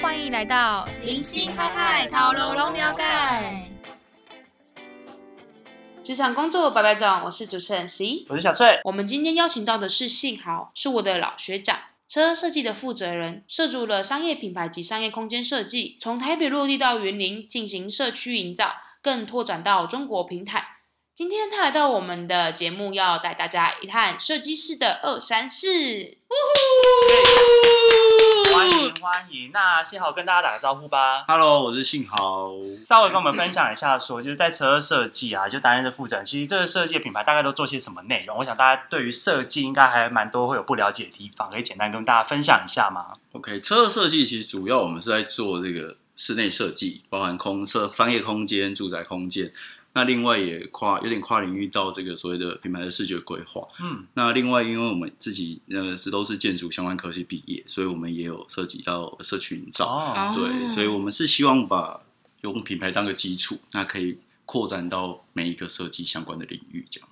歡迎來到林心嗨嗨，草龍龍聊蓋。職場工作拜拜總，我是主持人十一，我是小翠。我們今天邀請到的是信豪，是我的老學長，車厄設計的負責人，涉足了商業品牌及商業空間設計，從台北落地到雲林進行社區營造，更拓展到中國平潭。今天他來到我們的節目，要帶大家一探設計師的二三事。 歡迎歡迎，那信豪跟大家打個招呼吧。Hello，我是信豪。稍微跟我們分享一下說，說 就是在車厄設計啊，就擔任的副長，其實這個設計的品牌大概都做些什麼內容？我想大家對於設計應該還蠻多會有不了解的地方，可以簡單跟大家分享一下嗎？OK，車厄設計其實主要我們是在做這個室內設計，包含空設商業空間、住宅空間。那另外也跨有點跨領域到這個所謂的品牌的視覺規劃，嗯，那另外因為我們自己呃是都是建築相關科系畢業，所以我們也有涉及到社群營造，哦、對，所以我們是希望把用品牌當個基礎，那可以擴展到每一個設計相關的領域，這樣。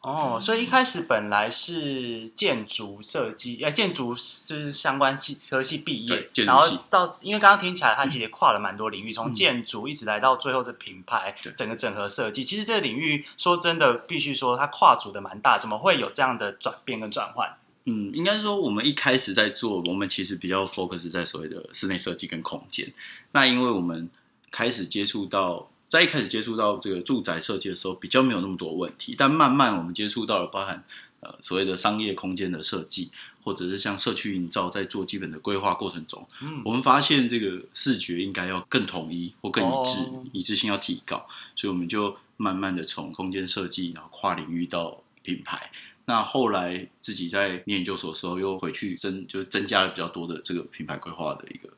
哦，所以一開始本來是建築設計，哎、啊，建築就是相關系科系畢業，然後到，因為剛剛聽起來他其實跨了蠻多領域，嗯、從建築一直來到最後的品牌、嗯、整個整合設計。其實這個領域說真的，必須說它跨足的蠻大，怎麼會有這樣的轉變跟轉換？嗯，應該說我們一開始在做，我們其實比較 focus 在所謂的室內設計跟空間。那因為我們開始接觸到。在一開始接觸到這個住宅設計的時候，比較沒有那麼多問題。但慢慢我們接觸到了包含呃所謂的商業空間的設計，或者是像社區營造，在做基本的規劃過程中，嗯，我們發現這個視覺應該要更統一或更一致，哦，一致性要提高。所以我們就慢慢的從空間設計，然後跨領域到品牌。那後來自己在念研究所的時候又回去增就增加了比較多的這個品牌規劃的一個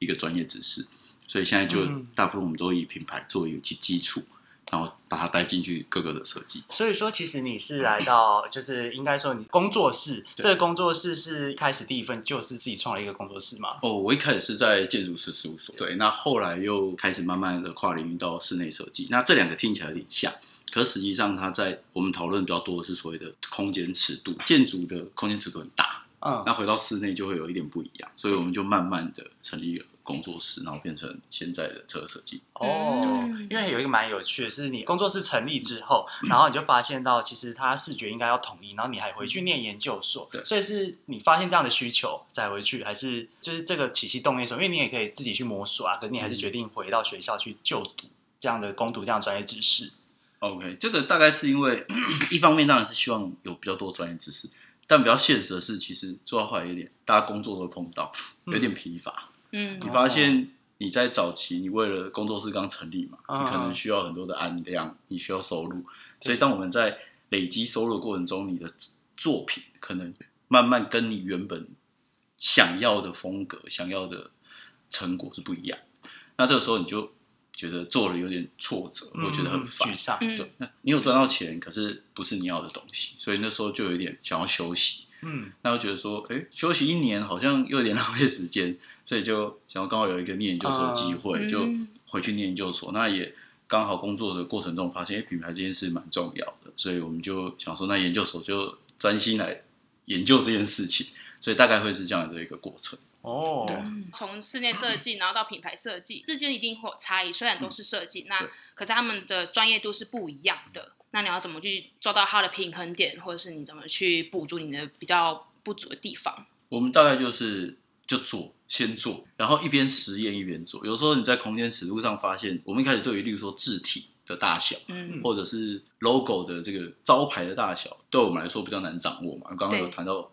一個專業知識。所以現在就大部分我們都以品牌做一個基礎，嗯、然後把它帶進去各個的設計。所以說，其實你是來到就是應該說你工作室，對這個工作室是一開始第一份就是自己創了一個工作室嘛？哦，我一開始是在建築師事務所。對，對，那後來又開始慢慢的跨領域到室內設計。對那這兩個聽起來有點像，可實際上它在我們討論比較多的是所謂的空間尺度，建築的空間尺度很大。嗯，那回到室內就會有一點不一樣，所以我們就慢慢的成立了。嗯工作室，然後變成現在的車厄設計哦。因為有一個蠻有趣的是，你工作室成立之後，嗯、然後你就發現到其實它視覺應該要統一，嗯、然後你還回去念研究所，對，所以是你發現這樣的需求再回去，還是就是這個起心動念所。因為你也可以自己去摸索啊。可是你還是決定回到學校去就讀、嗯、這樣的攻讀這樣的專業知識。OK，這個大概是因為一方面當然是希望有比較多專業知識，但比較現實的是，其實做到後來有點大家工作都會碰到，有點疲乏。嗯嗯，你發現你在早期，你為了工作室剛成立嘛，你可能需要很多的案量，你需要收入，所以當我們在累積收入的過程中，你的作品可能慢慢跟你原本想要的風格、想要的成果是不一樣，那這個時候你就覺得做了有點挫折，我覺得很沮喪。對，那你有賺到錢，可是不是你要的東西，所以那時候就有點想要休息。嗯，那我覺得說，哎、欸，休息一年好像又有點浪費時間，所以就想要剛好有一個念研究所的機會，呃、就回去念研究所。嗯、那也剛好工作的過程中發現，哎，品牌這件事蠻重要的，所以我們就想說，那研究所就專心來研究這件事情。所以大概會是這樣的一個過程。哦，對、嗯。從室內設計，然後到品牌設計， 之間一定有差異。雖然都是設計，嗯、那對可是他們的專業度是不一樣的。那你要怎麼去做到它的平衡點，或者是你怎麼去補足你的比較不足的地方？我們大概就是就做，先做，然後一邊實驗一邊做。有時候你在空間尺度上發現，我們一開始對於，例如說字體的大小，嗯，或者是 logo 的這個招牌的大小，對我們來說比較難掌握嘛。剛剛有談到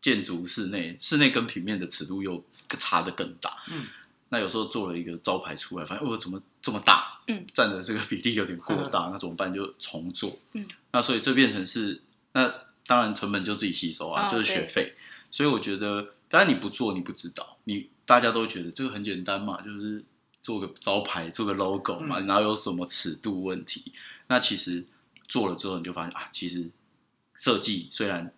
建築室內，對室內跟平面的尺度又差的更大，嗯。那有時候做了一個招牌出來，發現哦，怎麼這麼大？嗯，佔的這個比例有點過大，嗯、那怎麼辦？就重做。嗯，那所以這變成是那當然成本就自己吸收啊，啊就是學費。對所以我覺得，當然你不做你不知道，你大家都覺得這個很簡單嘛，就是做個招牌，做個 logo 嘛，然後有什麼尺度問題？嗯、那其實做了之後你就發現啊，其實設計雖然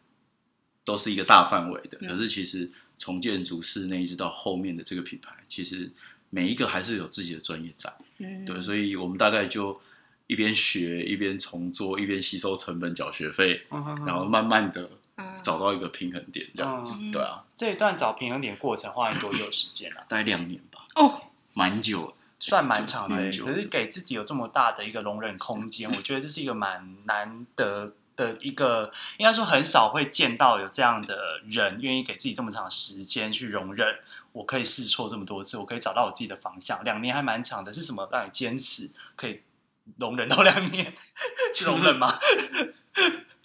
都是一個大範圍的，嗯、可是其實。從建築室內一直到後面的這個品牌，其實每一個還是有自己的專業在，嗯，對，所以我們大概就一邊學，一邊重做，一邊吸收成本繳學費，嗯嗯嗯、然後慢慢的找到一個平衡點這樣子，嗯、對啊。這一段找平衡點過程花了多久時間啊？大概兩年吧，哦，蠻久，算蠻長的，就很久的，可是給自己有這麼大的一個容忍空間，嗯嗯、我覺得這是一個蠻難得。的一個，應該說很少會見到有這樣的人願意給自己這麼長時間去容忍。我可以試錯這麼多次，我可以找到我自己的方向。兩年還蠻長的，是什麼讓你堅持？可以容忍到兩年？就容忍嗎？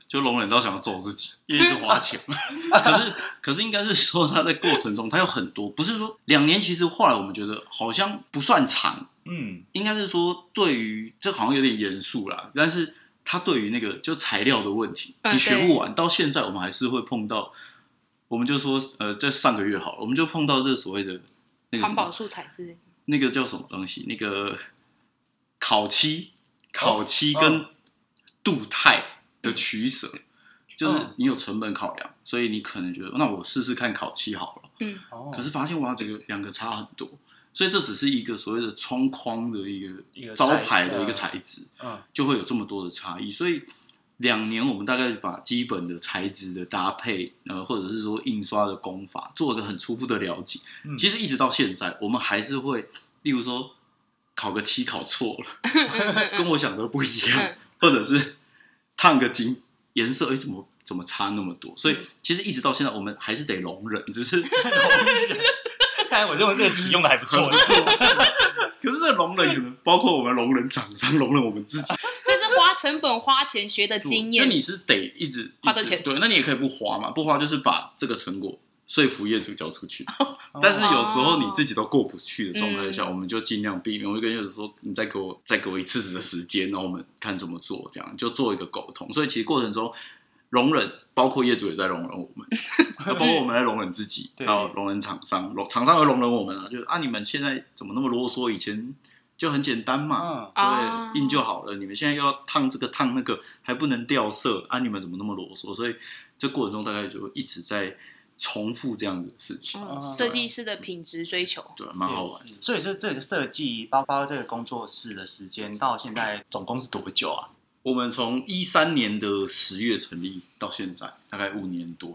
就容忍到想要揍自己，一直 花錢 可是， 可是應該是說他在過程中他有很多，不是說兩年其實後來我們覺得好像不算長。嗯，應該是說對於這好像有點嚴肅啦，但是。他對於那個就材料的問題，嗯、你學不完。對到現在我們還是會碰到，我們就說，呃，在上個月好了，我們就碰到這所謂的那個環保素材之類。那個叫什麼東西？那個烤漆，烤漆跟鍍鈦的取捨，哦、就是你有成本考量，嗯、所以你可能覺得，那我試試看烤漆好了。嗯，可是發現哇，這個兩個差很多。所以這只是一個所謂的窗框的一個招牌的一個材質，就會有這麼多的差異。所以兩年我們大概把基本的材質的搭配、呃，或者是說印刷的工法，做一個很初步的了解。其實一直到現在，我們還是會，例如說，烤個漆烤錯了，跟我想的不一樣，或者是燙個金顏色，哎，怎麼怎麼差那麼多？所以其實一直到現在，我們還是得容忍，只是容忍。哎、我認為這個詞用的還不錯， 可是這容忍，包括我們容忍廠商，容忍我們自己，所以是花成本花錢學的經驗。那你是得一直花這錢，對，那你也可以不花嘛，不花就是把這個成果說服業主交出去。哦、但是有時候你自己都過不去的狀態下，哦、我們就盡量避免。嗯、我就跟業主說：“你再給我，再給我一次次的時間，然後我們看怎麼做，這樣就做一個溝通。”所以其實過程中。容忍，包括業主也在容忍我們， 包括我們在容忍自己，然後容忍廠商，廠對商也容忍我們啊！就是啊，你們現在怎麼那麼囉嗦？以前就很簡單嘛，嗯、對，印、啊、就好了。你們現在要燙這個燙那個，還不能掉色啊！你們怎麼那麼囉嗦？所以這過程中大概就一直在重複這樣子的事情。設計、嗯、師的品質追求，對，啊對，啊、蠻對，蠻好玩。所以說這個設計，包括這個工作室的時間，到現在總共是多久啊？我們從一三年的十月成立到現在，大概五年多，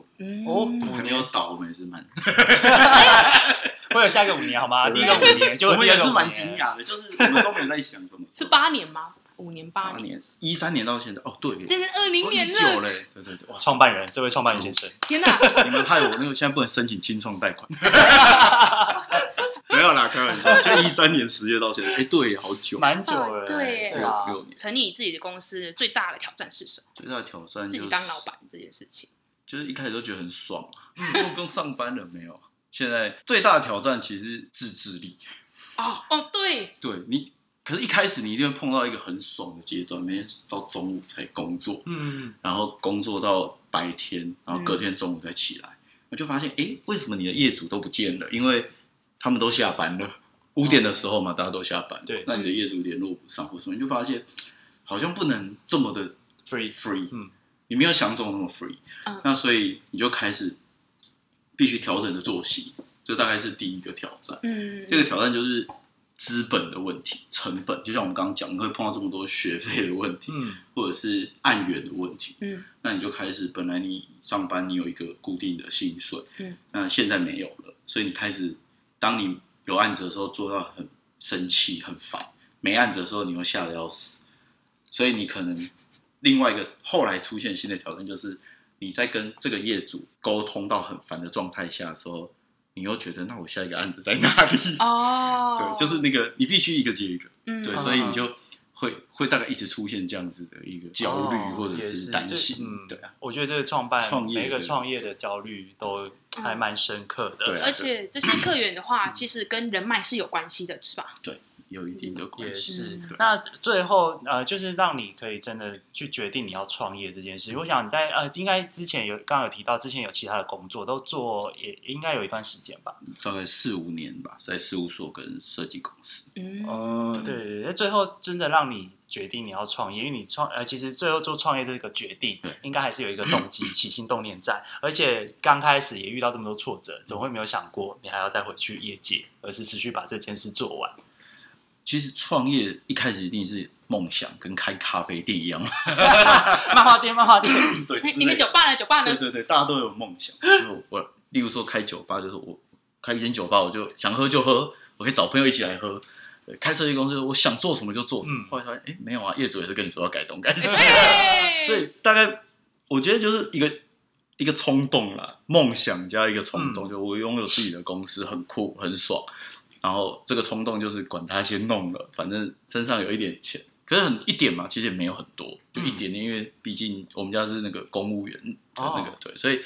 哦、嗯，我還沒有倒，我們也是蠻，哦、 會有下一個五年好嗎？對第一個五年對就年我們也是蠻驚訝的，就是我們都沒有在想什麼，是八年嗎？五年八年？一三年，年，年到現在哦，對，這是二零年了，對對對，哇，創辦人這位創辦人先生，天哪，你們害我那個現在不能申請青創貸款。 要啦，開玩笑， 就一三年十月到現在，哎、欸，對，好久，蠻久了，對耶，年啊、成立自己的公司最大的挑戰是什麼？最大的挑戰、就是、自己當老闆這件事情，就是一開始都覺得很爽、啊， 不用上班了，沒有。現在最大的挑戰其實是自制力。哦哦，對，對你，可是一開始你一定會碰到一個很爽的階段，每天到中午才工作，嗯，然後工作到白天，然後隔天中午才起來，嗯、我就發現，哎、欸，為什麼你的業主都不見了？因為他們都下班了，五點的時候嘛，大家都下班。對，那你的業主聯絡不上或什麼，或者你就發現好像不能這麼的 free free，嗯，你沒有想中那麼 free、啊。嗯，那所以你就開始必須調整的作息，這大概是第一個挑戰。嗯，這個挑戰就是資本的問題，成本。就像我們剛剛講，你會碰到這麼多學費的問題，嗯，或者是案源的問題，嗯，那你就開始本來你上班你有一個固定的薪水，嗯，那現在沒有了，所以你開始。當你有案子的時候，做到很生氣、很煩；沒案子的時候，你又嚇得要死。所以你可能另外一個後來出現新的挑戰，就是你在跟這個業主溝通到很煩的狀態下的時候，你又覺得，那我下一個案子在哪裡？哦，oh. 對，就是那個你必須一個接一個，嗯、對，好好所以你就。會會大概一直出現這樣子的一個焦慮或者是擔心，哦嗯、對啊，我覺得這個創辦、創每個創業的焦慮都還蠻深刻的，對。而且這些客源的話，嗯、其實跟人脈是有關係的，是吧？對。有一定的關係。嗯、是。對那最後，呃，就是讓你可以真的去決定你要創業這件事。嗯、我想你在呃，應該之前有，剛有提到之前有其他的工作，都做也應該有一段時間吧，嗯，大概四五年吧，在事務所跟設計公司。嗯。哦、呃，對，對，對。那最後真的讓你決定你要創業，因為你創呃，其實最後做創業這個決定，嗯，應該還是有一個動機，起心動念在。嗯、而且剛開始也遇到這麼多挫折，嗯，總會沒有想過你還要再回去業界，而是持續把這件事做完？其實創業一開始一定是夢想，跟開咖啡店一樣 慢，漫畫店、漫畫店。對，你們酒吧來酒吧來，對對對，大家都有夢想。就是、我，我，例如說開酒吧，就是我， 我開一間酒吧，我就想喝就喝，我可以找朋友一起來喝。開設計公司，我想做什麼就做什麼。嗯、後來發現，哎，沒有啊，業主也是跟你說要改動事，感謝、嗯。所以大概我覺得就是一個一個衝動啦，夢想加一個衝動，嗯、就我擁有自己的公司，很酷，很爽。然後這個衝動就是管他先弄了，反正身上有一點錢，可是很一點嘛，其實也沒有很多，就一點點。因為畢竟我們家是那個公務員，那個、哦、對，所以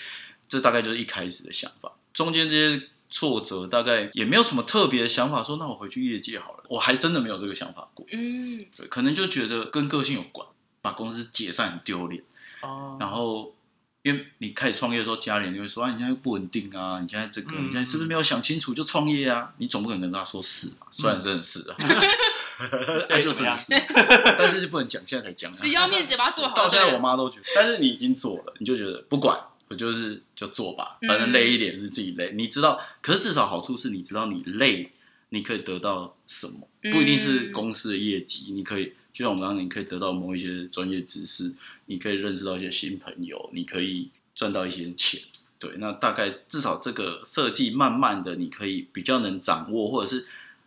這大概就是一開始的想法。中間這些挫折，大概也沒有什麼特別的想法說，說那我回去業界好了，我還真的沒有這個想法過。嗯，對，可能就覺得跟個性有關，把公司解散很丟臉。哦、然後。因為你開始創業的時候，家裡人就會說：“啊，你現在不穩定啊，你現在這個，你現在是不是沒有想清楚就創業啊？你總不可能跟他說是吧？雖然是是啊，就真的是，對，就這樣。 但是就不能講，現在才講，死要面子，把它做好。到現在我媽都覺得，對但是你已經做了，你就覺得不管，我就是就做吧，反正累一點是自己累，嗯、你知道。可是至少好處是你知道你累，你可以得到什麼，嗯、不一定是公司的業績，你可以。”就像我剛剛，你可以得到某一些專業知識，你可以認識到一些新朋友，你可以賺到一些錢，對。那大概至少這個設計，慢慢的你可以比較能掌握，或者是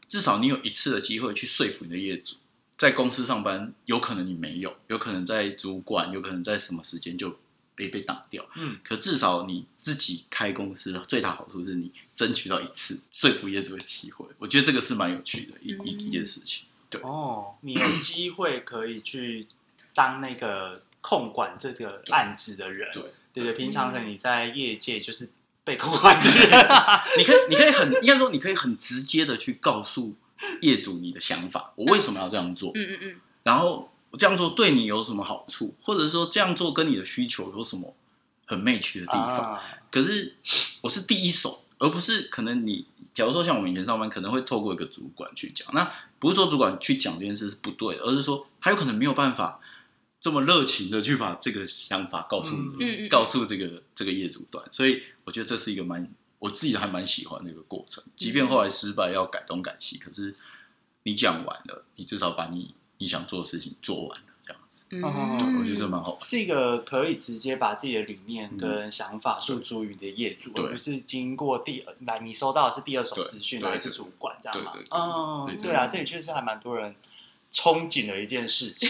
至少你有一次的機會去說服你的業主。在公司上班，有可能你沒有，有可能在主管，有可能在什麼時間就被被擋掉。嗯。可至少你自己開公司，最大好處是你爭取到一次說服業主的機會。我覺得這個是蠻有趣的，嗯、一一件事情。對哦，你有機會可以去當那個控管，這個案子的人，對對，對，對，平常是你在業界就是被控管的人。 你可以你可以很，應該說你可以很直接的去告訴業主你的想法，我為什麼要這樣做，嗯嗯，嗯嗯，然後這樣做對你有什麼好處，或者說這樣做跟你的需求有什麼很 match 的地方，啊、可是我是第一手。而不是可能你，假如說像我們以前上班，可能會透過一個主管去講。那不是說主管去講這件事是不對的，而是說他有可能沒有辦法這麼熱情的去把這個想法告訴你，嗯嗯、告訴這個這個業主端。所以我覺得這是一個蠻，我自己還蠻喜歡的一個過程。即便後來失敗要改東改西，嗯、可是你講完了，你至少把你你想做的事情做完了。嗯，我覺得這蠻好，是一個可以直接把自己的理念跟想法訴諸於你的業主，而不是經過第二，你收到的是第二手資訊來自主管這樣嘛？哦，對啊，這裡確實還蠻多人憧憬的一件事情。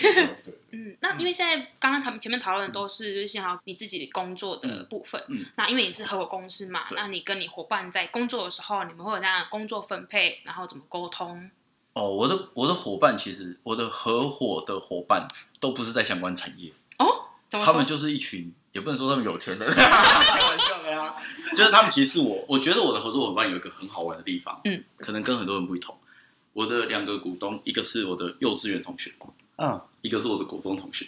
嗯，那因為現在剛剛他們前面討論的都是就是想要你自己的工作的部分，那因為你是合夥公司嘛，那你跟你夥伴在工作的時候，你們會有這樣的工作分配，然後怎麼溝通？哦，我的我的夥伴，其實我的合夥的夥伴都不是在相關產業哦，他們就是一群，也不能說他們有錢的人，開玩笑的呀。就是他們其實我我覺得我的合作夥伴有一個很好玩的地方，嗯，可能跟很多人不一同，我的兩個股東，一個是我的幼稚園同學，嗯、哦，一個是我的國中同學，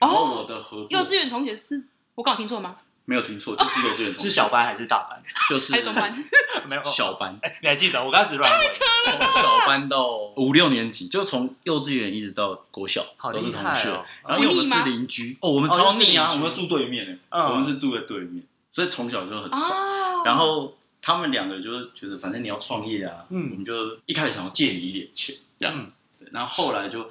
哦，我的合幼稚園同學是我剛有聽錯嗎？沒有聽錯，就是幼稚園，是小班還是大班？就是。還是中班。沒有小班，你還記得？我剛開始亂問。從小班到五六年級，就從幼稚園一直到國小，都是同學。然後因為我們是鄰居哦，我們超膩啊！我們住對面，我們是住在對面，所以從小就很熟。然後他們兩個就是覺得，反正你要創業啊，我們就一開始想要借你一點錢這樣。然後後來就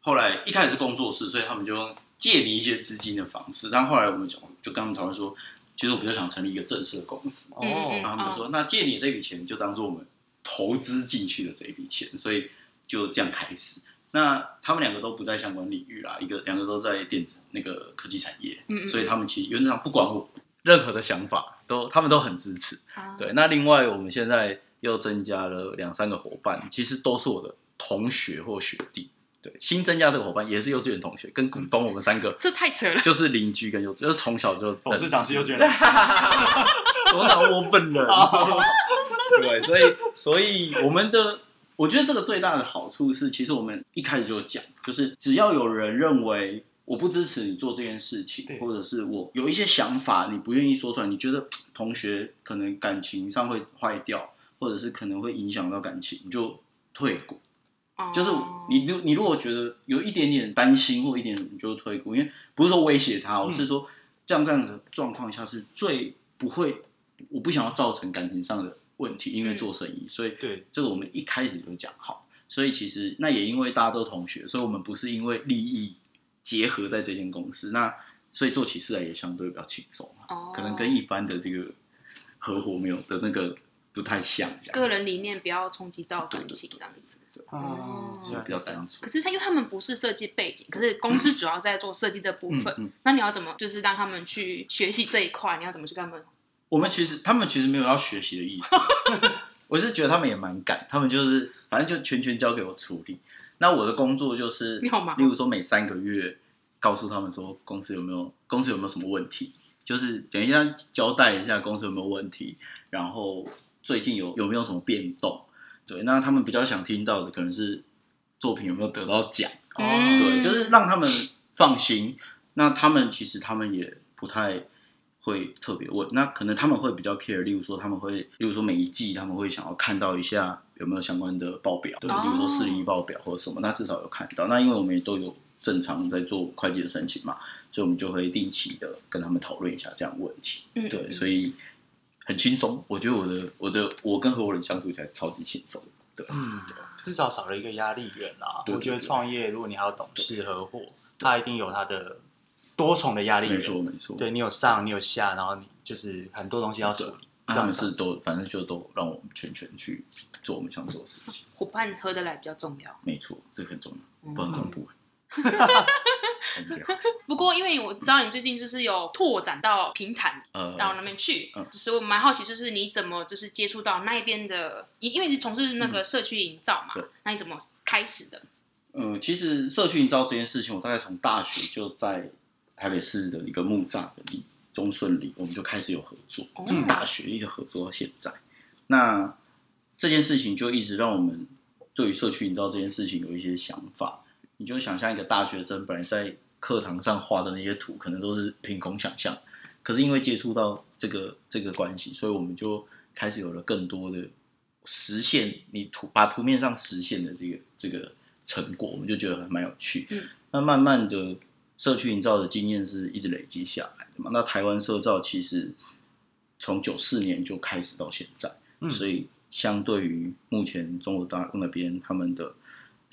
後來一開始是工作室，所以他們就。借你一些資金的方式，但後來我們就跟他們討論說，其實我比較想成立一個正式的公司哦。然後、oh, 啊、他們就說，oh. 那借你這筆錢就當做我們投資進去的這一筆錢，所以就這樣開始。那他們兩個都不在相關領域啦，一個兩個都在電子那個科技產業，oh. 所以他們其實原則上不管我任何的想法，都他們都很支持。Oh. 對，那另外我們現在又增加了兩三個夥伴，其實都是我的同學或學弟。對，新增加的這個夥伴也是幼稚園同學，跟股東我們三個、嗯，這太扯了，就是鄰居跟幼稚，就是從小就董事長是幼稚園， 我好我本人， 對，所以所以我們的我覺得這個最大的好處是，其實我們一開始就講，就是只要有人認為我不支持你做這件事情，對或者是我有一些想法你不願意說出來，你覺得同學可能感情上會壞掉，或者是可能會影響到感情，你就退股。就是你如你如果覺得有一點點擔心或一點點，你就退股。因為不是說威脅他，我是說像這樣這樣子狀況下是最不會，我不想要造成感情上的問題。因為做生意，所以對這個我們一開始就講好。所以其實那也因為大家都同學，所以我們不是因為利益結合在這間公司，那所以做起事來也相對比較輕鬆。哦，可能跟一般的這個合夥沒有的那個。不太像，個人理念不要衝擊到感情這樣子，哦，所以比較專注。可是他，因為他們不是設計背景，嗯、可是公司主要在做設計這部分。嗯嗯、那你要怎麼，就是讓他們去學習這一塊？嗯、你要怎麼去跟他們？我們其實，他們其實沒有要學習的意思。 我是覺得他們也蠻敢，他們就是反正就全權交給我處理。那我的工作就是，嗎例如說每三個月告訴他們說公司有沒有，公司有沒有什麼問題，就是等一下交代一下公司有沒有問題，然後，最近有有沒有什麼變動？對，那他們比較想聽到的可能是作品有沒有得到獎哦。嗯、對，就是讓他們放心。那他們其實他們也不太會特別問。那可能他們會比較 care，例如說他們會，例如說每一季他們會想要看到一下有沒有相關的報表，對，哦、例如說四零一報表或什麼。那至少有看到。那因為我們也都有正常在做會計的申請嘛，所以我們就會定期的跟他們討論一下這樣的問題。嗯，嗯，對，所以。很輕鬆，我覺得我的我的我跟合夥人相處起來超級輕鬆，對，至少少了一個壓力源啦。我覺得創業如果你還要董事合夥，他一定有他的多重的壓力源，沒錯沒錯。對，你有上，你有下，然後你就是很多東西要處理，他們是都反正就都讓我們全權去做我們想做的事情。夥伴合得來比較重要，沒錯，這個很重要，不很恐怖。哈哈哈，不過，因為我知道你最近就是有拓展到平潭、嗯、到那邊去，所、嗯、是我蠻好奇，就是你怎麼就是接觸到那一邊的，因為你是從事那個社區營造嘛，嗯、那你怎麼開始的？嗯，其實社區營造這件事情，我大概從大學就在台北市的一個木柵的里中順里，我們就開始有合作，從、哦、大學一直合作到現在。那這件事情就一直讓我們對於社區營造這件事情有一些想法。你就想象一個大學生，本來在課堂上畫的那些圖，可能都是憑空想象。可是因為接觸到這個這個關係，所以我們就開始有了更多的實現。你圖把圖面上實現的這個這個成果，我們就覺得還蠻有趣。嗯，那慢慢的社區營造的經驗是一直累積下來的嘛。那台灣社造其實從九四年就開始到現在，嗯，所以相對於目前中國大陸那邊他們的。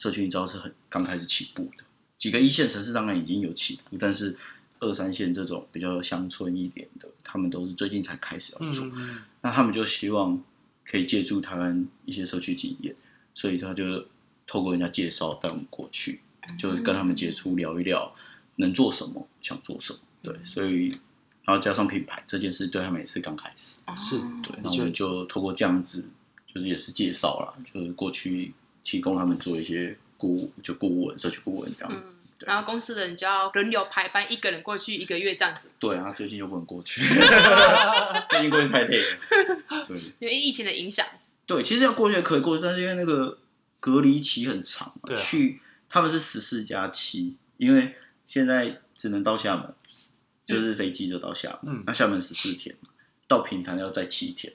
社區營造是很剛開始起步的，幾個一線城市當然已經有起步，但是二三線這種比較鄉村一點的，他們都是最近才開始要做。嗯、那他們就希望可以借助台灣一些社區經驗，所以他就是透過人家介紹帶我們過去，嗯、就跟他們接觸聊一聊，能做什麼，想做什麼。對，所以然後加上品牌這件事，對他們也是剛開始。是、啊、對，那我們就透過這樣子，就是也是介紹了，就是過去。提供他們做一些顧就顧問、社區顧問這樣子，嗯、對然後公司的人就要輪流排班，一個人過去一個月這樣子。對啊，最近就不能過去， 最近過去太累了。對，因為疫情的影響。對，其實要過去也可以過去，但是因為那個隔離期很長嘛，啊、去他們是十四加七，7, 因為現在只能到廈門，嗯、就是飛機就到廈門，那廈、嗯啊、門十四天，到平潭要再七天，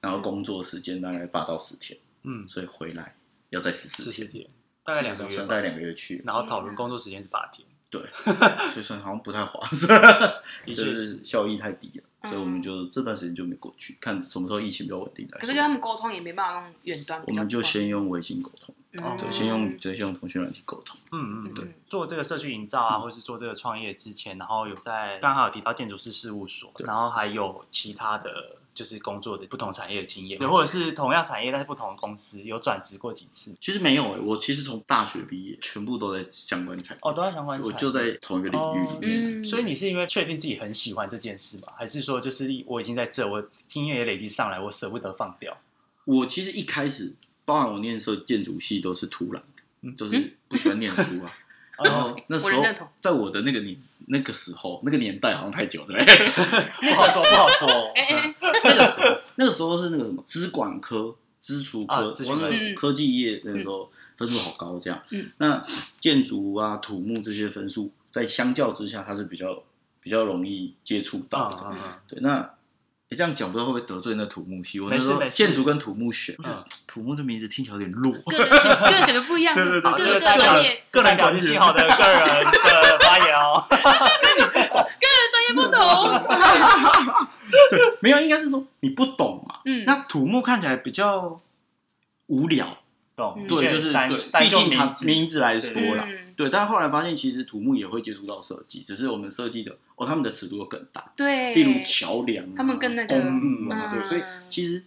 然後工作時間大概八到十天，嗯，所以回來。要再十四天，十四天，大概兩個月，算帶兩個月去，然後討論工作時間是八天，嗯嗯，對， 所以算好像不太划算，就 是效益太低了， 所以我們就這段時間就沒過去，看什麼時候疫情比較穩定。可是跟他們溝通也沒辦法用遠端，我們就先用微信溝通。哦、oh，先用就先，先用通訊軟體溝通。嗯嗯，對。做這個社區營造啊，或是做這個創業之前，嗯、然後有在剛好有提到建築師事務所，對然後還有其他的就是工作的不同產業的經驗，對或者是同樣產業但是不同的公司，有轉職過幾次？其實沒有、欸，我其實從大學畢業，全部都在相關產業。哦，都在相關產業，我就在同一個領域裡面。哦嗯、所以你是因為確定自己很喜歡這件事吧？還是說就是我已經在這，我經驗也累積上來，我舍不得放掉？我其實一開始。包含我念的時候，建築系都是突然的，嗯、就是不喜歡念書啊。嗯、 然後那時候，在我的那個年那個時候，那個年代好像太久了對 不好說，不好說。那個時候，那個時候是那個什麼資管科、資處科，啊、我那個科技業的那個時候分數、嗯、好高，這樣。嗯、那建築啊、土木這些分數，在相較之下，它是比較比較容易接觸到的。啊啊啊啊對，那。你這樣講，不知道會不會得罪那土木系？我那時候建築跟土木選，土木這名字聽起來有點弱。個人覺得不一樣，對對對，個人專業個人表現。好的，個人的發言哦，個人專業不同。沒有，應該是說你不懂啊。嗯，那土木看起來比較無聊。對，就是對，畢竟他名字來說了，對。但後來發現，其實土木也會接觸到設計，只是我們設計的哦，他們的尺度會更大。對，例如橋梁，他們跟那個公路嘛，對。所以其實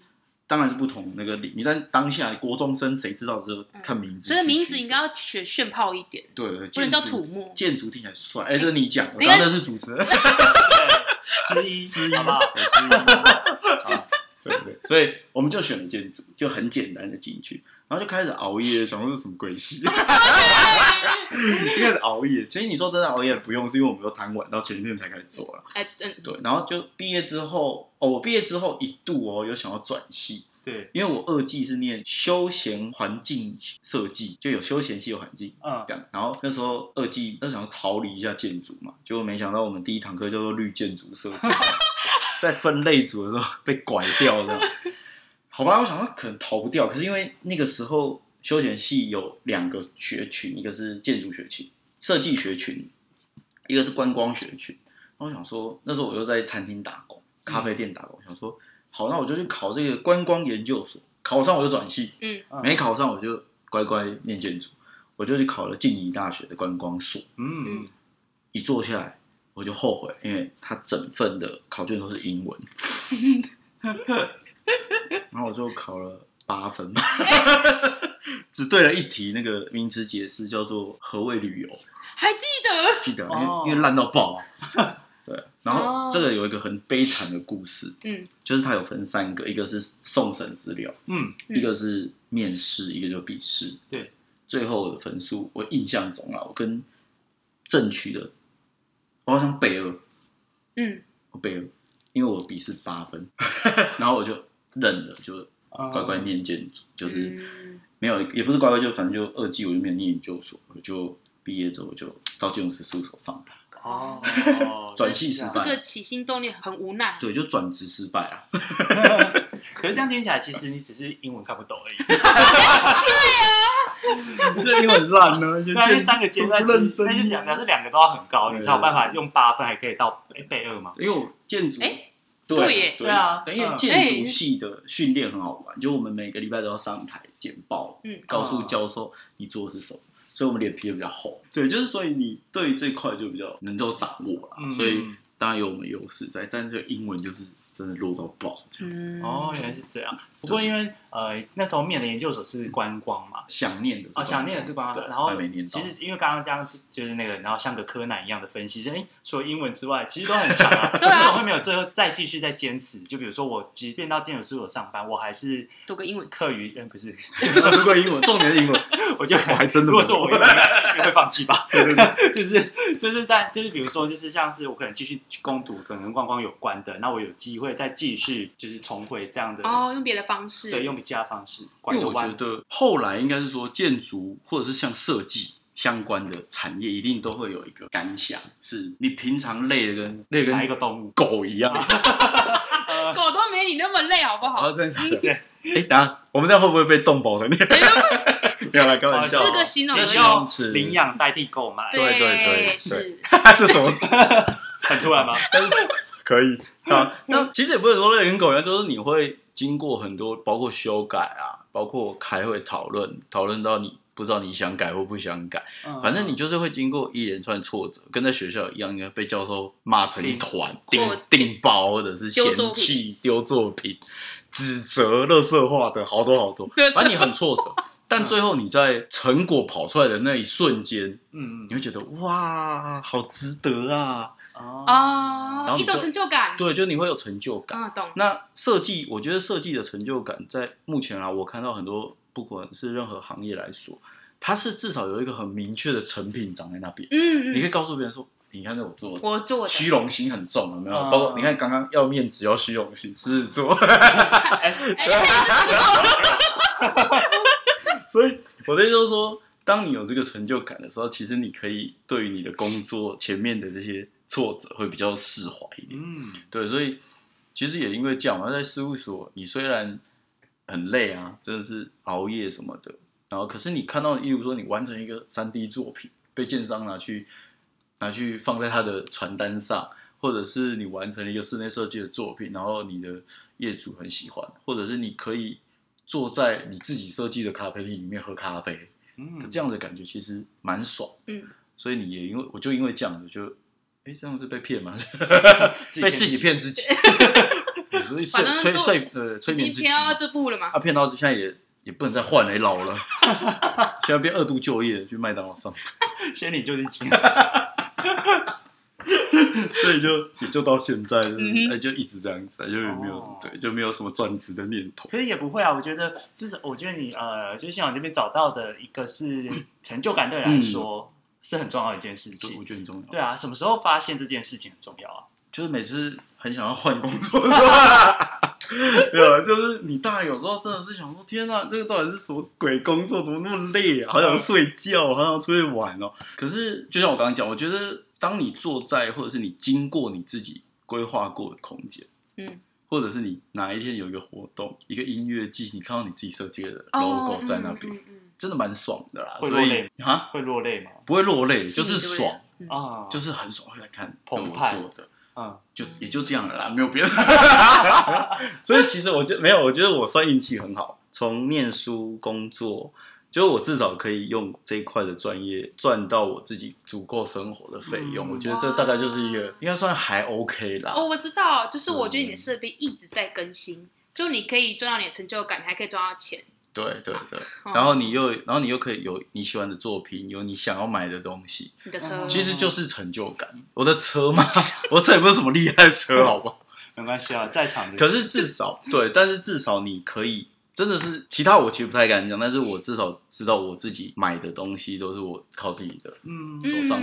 當然是不同那個領。你在當下國中生，誰知道這個看名字？所以名字應該要選炫炮一點，對，不能叫土木，建築聽起來帥。哎，這你講，我剛才是主持人之一之一嘛。對對，所以我們就選了建築，就很簡單的進去。然後就開始熬夜， 想說這是什麼鬼戲， 就開始熬夜。其實你說真的熬夜不用，是因為我們都談完到前一天才開始做了。哎、嗯，嗯、對，然後就畢業之後，哦、我畢業之後一度哦，有想要轉系，對，因為我二技是念休閒環境設計，就有休閒系的環境，嗯，這樣。然後那時候二技，那想要逃離一下建築嘛，就沒想到我們第一堂課叫做綠建築設計， 在分類組的時候被拐掉了。 好吧，我想他可能逃不掉。可是因為那個時候休閒系有兩個學群，一個是建築學群，設計學群，一個是觀光學群。那我想說，那時候我又在餐廳打工、咖啡店打工，嗯、我想說好，那我就去考這個觀光研究所。考上我就轉系，嗯，沒考上我就乖乖念建築。我就去考了靜宜大學的觀光所，嗯，嗯一坐下來我就後悔，因為他整份的考卷都是英文， 然後我就考了八分， 欸，只對了一題，那個名詞解釋叫做何謂旅遊？還記得？記得，oh. 因為爛到爆，啊。 對，然後這個有一個很悲慘的故事，嗯，oh. 就是它有分三個，一個是送審資料，嗯，一個是面試，一個就是筆試。嗯、對，最後的分數我印象中啊，我跟正取的，我好像備取，嗯，我備取，因為我筆試八分，然後我就。 認了就乖乖念建築，哦、就是、嗯、沒有也不是乖乖就反正就二季我就沒有念研究所，我就畢業之後就到建築師事務所上班。哦， 轉系失敗、啊，這個起心動念很無奈、啊。對，就轉職失敗啊。 可是這樣聽起來，其實你只是英文看不懂而已。 對啊， 這英文爛呢。那啊，三個階段認那、啊、 就講的是兩個都要很高，對對對對，你才有辦法用八分還可以到北二嗎？因為我建築哎、欸。對耶，對，對啊，因為建築系的訓練很好玩，嗯、就我們每個禮拜都要上台簡報，嗯、告訴教授你做的是什麼，所以我們臉皮也比較厚。對，就是所以你對這塊就比較能夠掌握了，嗯、所以當然有我們優勢在，但是這個英文就是真的弱到爆，這樣。嗯、就哦，原來是這樣。說因為呃，那時候面的研究所是觀光嘛，想念的、想念的是觀光，然後其實因為剛剛講就是那個，然後像個柯南一樣的分析，除了英文之外其實都很強啊。我會沒有最後再繼續再堅持？就比如說我即便到建築事務所上班，我還是讀個英文課餘，嗯，不是讀個英文重點的英文，我就我還真的，如果說我也會放棄吧，就是就是但就是比如說就是像是我可能繼續攻讀可能跟觀光有關的，那我有機會再繼續就是重回這樣的哦，用別的方。對，用比較方式。因為我覺得後來應該是說，建築或者是像設計相關的產業，一定都會有一個感想：是你平常累的跟累跟那個動物狗一樣，狗都沒你那麼累，好不好？真的？哎，等下我們這樣會不會被動保的？不要來開玩笑。四個形容詞領養代替購買，對對對，是是什麼？很突然嗎？但是可以啊。那其實也不是說累跟狗一樣，就是你會。經過很多，包括修改啊，包括開會討論，討論到你不知道你想改或不想改，嗯、反正你就是會經過一連串挫折，跟在學校一樣，應該被教授罵成一團，頂頂、嗯、頂包或者是嫌棄丟作品，作品指責的、垃圾化的好多好多，圾反正你很挫折。但最後你在成果跑出來的那一瞬間，嗯，你會覺得哇，好值得啊！哦，然後你一種成就感，對，就你會有成就感。哦、懂、那設計，我覺得設計的成就感，在目前啊，我看到很多不管是任何行業來說，它是至少有一個很明確的成品長在那邊。嗯，嗯，你可以告訴別人說：“你看，這我做，我做的虛榮心很重的，沒有？哦、包括你看剛剛要面子，要虛榮心，獅子座。哎、 欸，獅子座。 所以我的意思就是說，當你有這個成就感的時候，其實你可以對於你的工作前面的這些。挫折會比較釋懷一點，嗯，對，所以其實也因為這樣嘛，在事務所你雖然很累啊，真的是熬夜什麼的，然後可是你看到，例如說你完成一個三 D 作品，被建商拿去拿去放在他的傳單上，或者是你完成一個室內設計的作品，然後你的業主很喜歡，或者是你可以坐在你自己設計的咖啡廳裡面喝咖啡，嗯，這樣的感覺其實蠻爽，嗯，所以你也因為我就因為這樣子就。哎，這樣是被騙嗎？被自己騙自己。反正催睡呃，催眠自己。他騙到現在也也不能再換了，老了。現在變二度就業，去麥當勞上班。你，女就是金。所以就也就到現在，就一直這樣子，就也沒有對，就沒有什麼轉職的念頭。可是也不會啊，我覺得至少，我覺得你呃，就像我這邊找到的一個是成就感，對你來說是很重要的一件事情，我覺得很重要。對啊，什麼時候發現這件事情很重要啊？就是每次很想要換工作， 吧 對啊，就是你大有時候真的是想說，天哪，啊，這個到底是什麼鬼工作，怎麼那麼累啊？好想睡覺，好想出去玩哦。 可是就像我剛剛講，我覺得當你坐在，或者是你經過你自己規劃過的空間，嗯，或者是你哪一天有一個活動，一個音樂季，你看到你自己設計的 logo 在那邊。哦嗯嗯真的蠻爽的啦，所以哈，會落淚嗎？不會落淚，就是爽啊，就是很爽。來看我做的，就也就這樣了啦，沒有別的。所以其實我覺沒有，我覺得我算運氣很好。從念書、工作，就我至少可以用這一塊的專業賺到我自己足夠生活的費用。我覺得這大概就是一個應該算還 OK 啦。哦，我知道，就是我覺得你的設備一直在更新，就你可以賺到你的成就感，你還可以賺到錢。對對對，然後你又，oh. 然後你又可以有你喜歡的作品，有你想要買的東西。你的車其實就是成就感。Oh. 我的車嘛，我車也不是什麼厲害的車， 好不好。 沒關係啊，在場的。可是至少對，但是至少你可以真的是其他我其實不太敢講，但是我至少知道我自己買的東西都是我靠自己的手上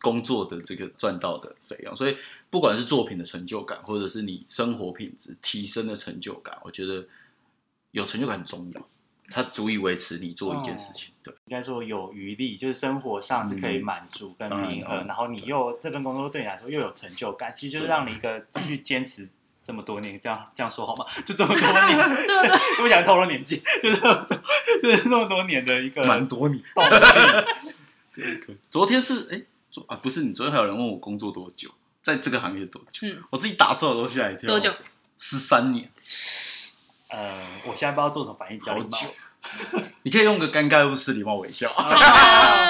工作的這個賺到的費用，嗯、所以不管是作品的成就感，或者是你生活品質提升的成就感，我覺得有成就感很重要。Oh. 他足以維持你做一件事情，哦、對，應該說有餘力，就是生活上是可以滿足跟平衡，嗯、然，然，後然後你又對這份工作對你來說又有成就感，其實就是讓你一個繼續堅持這麼多年，這樣這樣說好嗎？就這麼多年，不想透露年紀，就是這麼多年的一個蠻多年。 年對昨天是哎、欸，昨啊不是，你昨天還有人問我工作多久，在這個行業多久？嗯、我自己打出來都嚇一跳，多久？十三年。呃，我現在不知道做什麼反應比較久，呵呵，你可以用個尷尬又不失禮貌微笑、喔。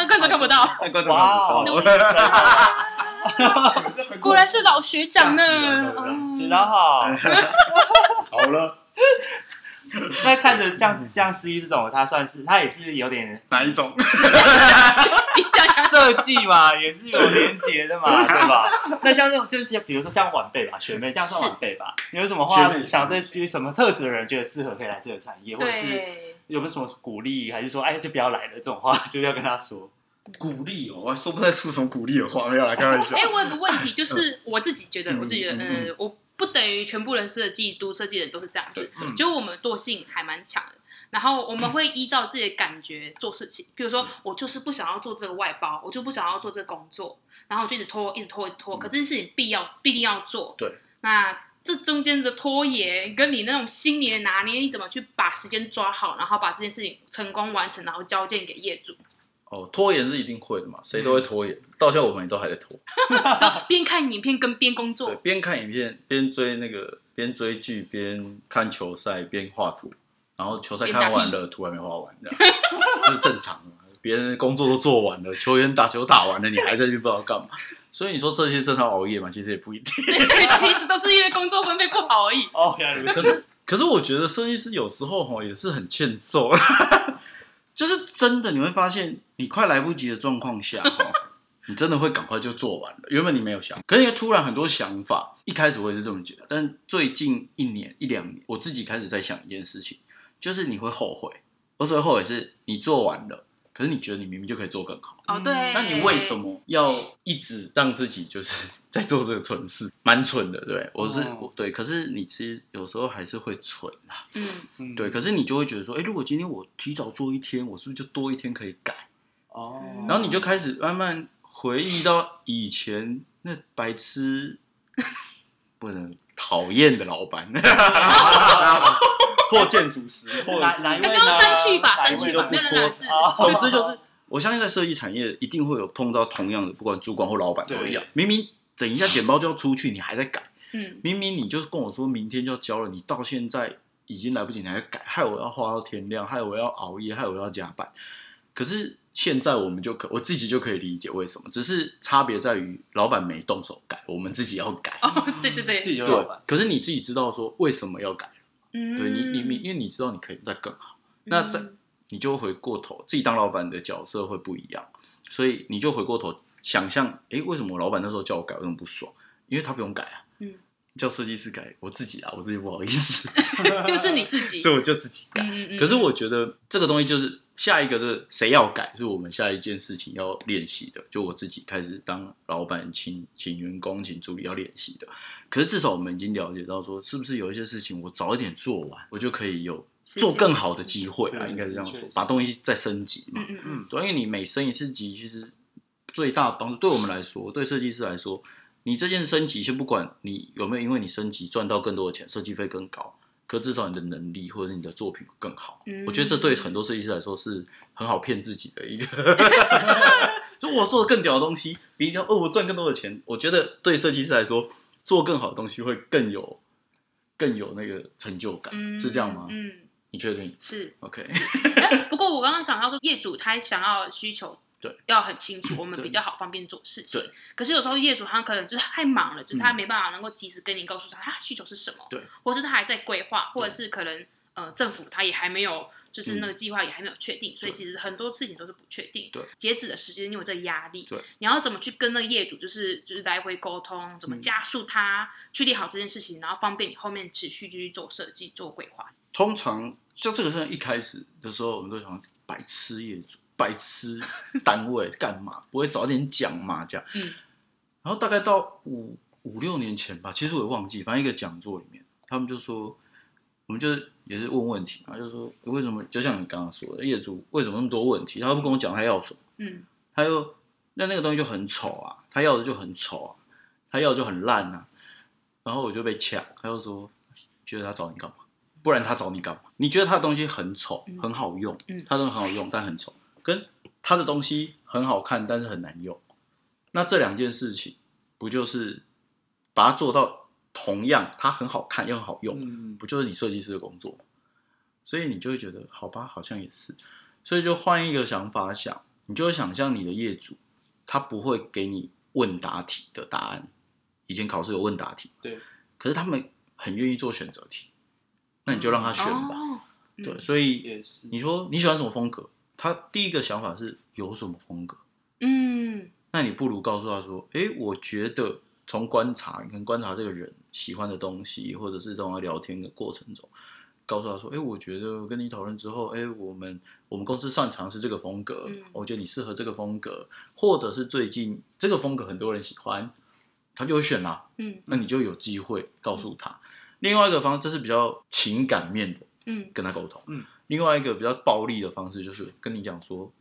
看不觀眾看不到不。果然是老學長呢，學、啊、長好、啊。好了。那看着像像思玉這種，他算是他也是有點哪一種，設計 嘛，也是有連接的嘛，對吧？ 那像這種就是比如說像晚輩吧，學妹這樣算晚輩吧？你是有什麼話對想對有什麼特質的人覺得適合可以來這個產業，對或者是有沒有什麼鼓勵？還是說哎，就不要來了這種話，就要跟他說鼓勵哦？我還說不太出什麼鼓勵的話，沒有來開玩笑。哎、欸，我有個問題，就是我自己覺得，嗯、我自己覺得，呃、嗯，我、嗯。嗯不等於全部人設計都設計的人都是這樣子，就、嗯、我們惰性還蠻強的。然後我們會依照自己的感覺做事情，比、嗯、如說我就是不想要做這個外包，我就不想要做這個工作，然後我就一直拖，一直拖，一直拖。直拖嗯、可這件事情必要必定要做，對。那這中間的拖延跟你那種心理的拿捏，你怎麼去把時間抓好，然後把這件事情成功完成，然後交件給業主？哦，拖延是一定會的嘛，誰都會拖延，到下午可能都還在拖。邊、 啊、看影片跟邊工作，邊看影片邊追那個邊追劇邊看球賽邊畫圖，然後球賽看完了圖還沒畫完，這樣 就正常。別人工作都做完了，球員打球打完了，你還在這邊不知道幹嘛， 所以你說設計師經常熬夜嘛，其實也不一定。 其實都是因為工作分配不好而已。哦，okay，可是可是我覺得設計師有時候吼也是很欠揍。 就是真的，你會發現你快來不及的狀況下，哦，你真的會趕快就做完了。原本你沒有想，可是突然很多想法，一開始我也是這麼覺得。但最近一年一兩年，我自己開始在想一件事情，就是你會後悔。我所謂後悔是，你做完了，可是你覺得你明明就可以做更好。哦，對。那你為什麼要一直讓自己就是？在做這個蠢事，蠻蠢的。對，我是我對，可是你其實有時候還是會蠢啊。嗯嗯，對，可是你就會覺得說，哎，如果今天我提早做一天，我是不是就多一天可以改？哦，然後你就開始慢慢回憶到以前那白痴不能討厭的老闆，或建築師，或者你就生氣吧，生氣吧，不能說是。總之就是，我相信在設計產業一定會有碰到同樣的，不管主管或老闆都一樣，明明。等一下，簡報就要出去，你還在改。嗯、明明你就是跟我說明天就要交了，你到現在已經來不及，你還在改，害我要花到天亮，害我要熬夜，害我要加班。可是現在我們就可，我自己就可以理解為什麼。只是差別在於，老闆沒動手改，我們自己要改。哦、對對對，自己當老闆。可是你自己知道說為什麼要改。嗯，對你你你，因為你知道你可以再更好。嗯、那在你就回過頭，自己當老闆的角色會不一樣，所以你就回過頭。想象，哎、欸，為什麼我老闆那時候叫我改，我怎麼不爽？因為他不用改啊，嗯，叫設計師改，我自己啊，我自己不好意思， 就是你自己， 所以我就自己改。嗯嗯、可是我覺得這個東西就是下一個，是誰要改，是我們下一件事情要練習的，就我自己開始當老闆，請請員工，請助理要練習的。可是至少我們已經了解到，說是不是有一些事情我早一點做完，我就可以有做更好的機會啊？謝謝應該是這樣說，對把東西再升級嘛。嗯嗯，所以你每升一次級，其實。最大幫助對我們來說，對設計師來說，你這件升級就不管你有沒有，因為你升級賺到更多的錢，設計費更高，可至少你的能力或者你的作品更好。嗯、我覺得這對很多設計師來說是很好騙自己的一個。 如果我做更屌的東西，比你哦，我賺更多的錢。我覺得對設計師來說，做更好的東西會更有更有那個成就感，嗯、是這樣嗎？嗯，你確定？是 OK 是。不過我剛剛講到說，業主他想要需求。對，要很清楚，我們比較好方便做事情。可是有時候業主他可能就是太忙了，就是他沒辦法能夠及時跟你告訴他，他需求是什麼，對。或者他還在規劃，或者是可能呃政府他也還沒有，就是那個計劃也還沒有確定，所以其實很多事情都是不確定。對。截止的時間你有這壓力，對。你要怎麼去跟那個業主，就是就是來回溝通，怎麼加速他處理好這件事情，然後方便你後面持續去做設計、做規劃。通常像這個事情，一開始的時候，我們都想白吃業主。白痴單位幹嘛？ 不會早點講嘛？這樣。然後大概到五五六年前吧，其實我也忘記。反正一個講座裡面，他們就說，我們就是也是問問題嘛，就說為什麼就像你剛剛說的，業主為什麼那麼多問題？他不跟我講，他要什麼？嗯，他又那那個東西就很醜啊，他要的就很醜啊，他要的就很爛啊。然後我就被嗆，他又說，覺得他找你幹嘛？不然他找你幹嘛？你覺得他的東西很醜，很好用？他東西很好用，但很醜。跟他的東西很好看，但是很難用。那這兩件事情不就是把它做到同樣，它很好看又很好用，嗯、不就是你設計師的工作嗎？所以你就會覺得，好吧，好像也是。所以就換一個想法想，你就會想象你的業主，他不會給你問答題的答案。以前考試有問答題，對，可是他們很願意做選擇題，那你就讓他選吧。哦、對，嗯、所以也是你說你喜歡什麼風格？他第一個想法是有什麼風格？嗯，那你不如告訴他說：“哎、欸，我覺得從觀察，你看觀察這個人喜歡的東西，或者是從他聊天的過程中，告訴他說：‘哎、欸，我覺得我跟你討論之後，哎、欸，我們我們公司擅長是這個風格，嗯、我覺得你適合這個風格，或者是最近這個風格很多人喜歡，他就會選啦、啊。嗯’嗯，那你就有機會告訴他。嗯、另外一個方，這是比較情感面的，嗯，跟他溝通嗯，嗯。”另外一個比較暴力的方式就是跟你講說，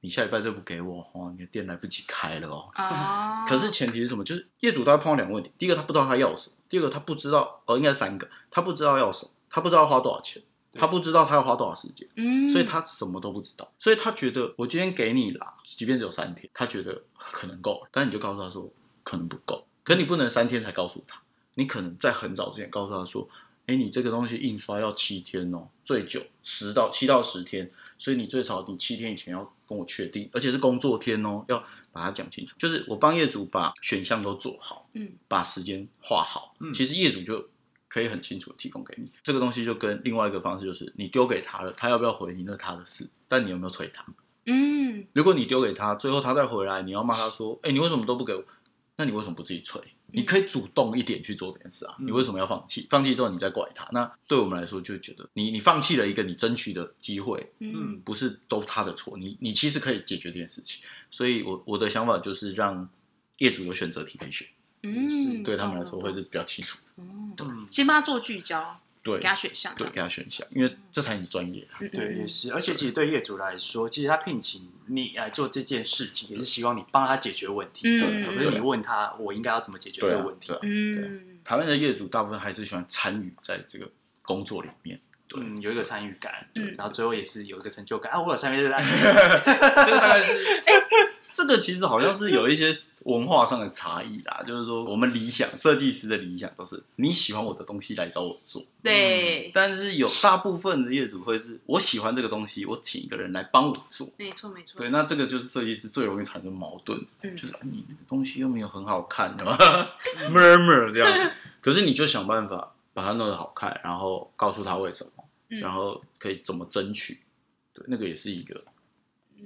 你下禮拜再不給我哦，你的店來不及開了哦。哦，可是前提是什麼？就是業主大概碰到兩個問題，第一個他不知道他要什麼，第二個他不知道，哦，應該是三個，他不知道要什麼，他不知道要花多少錢，對他不知道他要花多少時間。嗯，所以他什麼都不知道，所以他覺得我今天給你啦，即便只有三天，他覺得可能夠了，但你就告訴他說可能不夠，可你不能三天才告訴他，你可能在很早之前告訴他說。哎，欸、你這個東西印刷要七天哦，最久十到七到十天，所以你最少你七天以前要跟我確定，而且是工作天哦，要把它講清楚。就是我幫業主把選項都做好，嗯，把時間畫好，其實業主就可以很清楚的提供給你。嗯、這個東西就跟另外一個方式就是，你丟給他了，他要不要回你，那是他的事。但你有沒有催他？嗯，如果你丟給他，最後他再回來，你要罵他說：，哎、欸，你為什麼都不給我？那你為什麼不自己催？你可以主動一點去做這件事啊！嗯、你為什麼要放棄？放棄之後你再怪他。那對我們來說就覺得你，你你放棄了一個你爭取的機會，嗯,嗯，不是都他的錯。你你其實可以解決這件事情。所以我，我我的想法就是讓業主有選擇題可選，嗯，對他們來說會是比較清楚。嗯，先把它做聚焦。對給他選項，對，給他選項，因為這才是專業。嗯嗯對，也是，而且其實對業主來說，其實他聘請你來做這件事情，也是希望你幫他解決問題。對、嗯，可是你問他，我應該要怎麼解決這個問題？對，對對嗯、台灣的業主大部分還是喜歡參與在這個工作裡面，對，有一個參與感對，對，然後最後也是有一個成就感啊，我有面 是，是，這個 這個其實好像是有一些文化上的差異啦， 就是說我們理想設計師的理想都是你喜歡我的東西來找我做，對、嗯。但是有大部分的業主會是我喜歡這個東西，我請一個人來幫我做，沒錯沒錯。沒錯對，那這個就是設計師最容易產生矛盾，嗯、就是你的東西又沒有很好看的嘛，Murmur 這樣。可是你就想辦法把它弄得好看，然後告訴他為什麼，然後可以怎麼爭取，嗯、對，那個也是一個。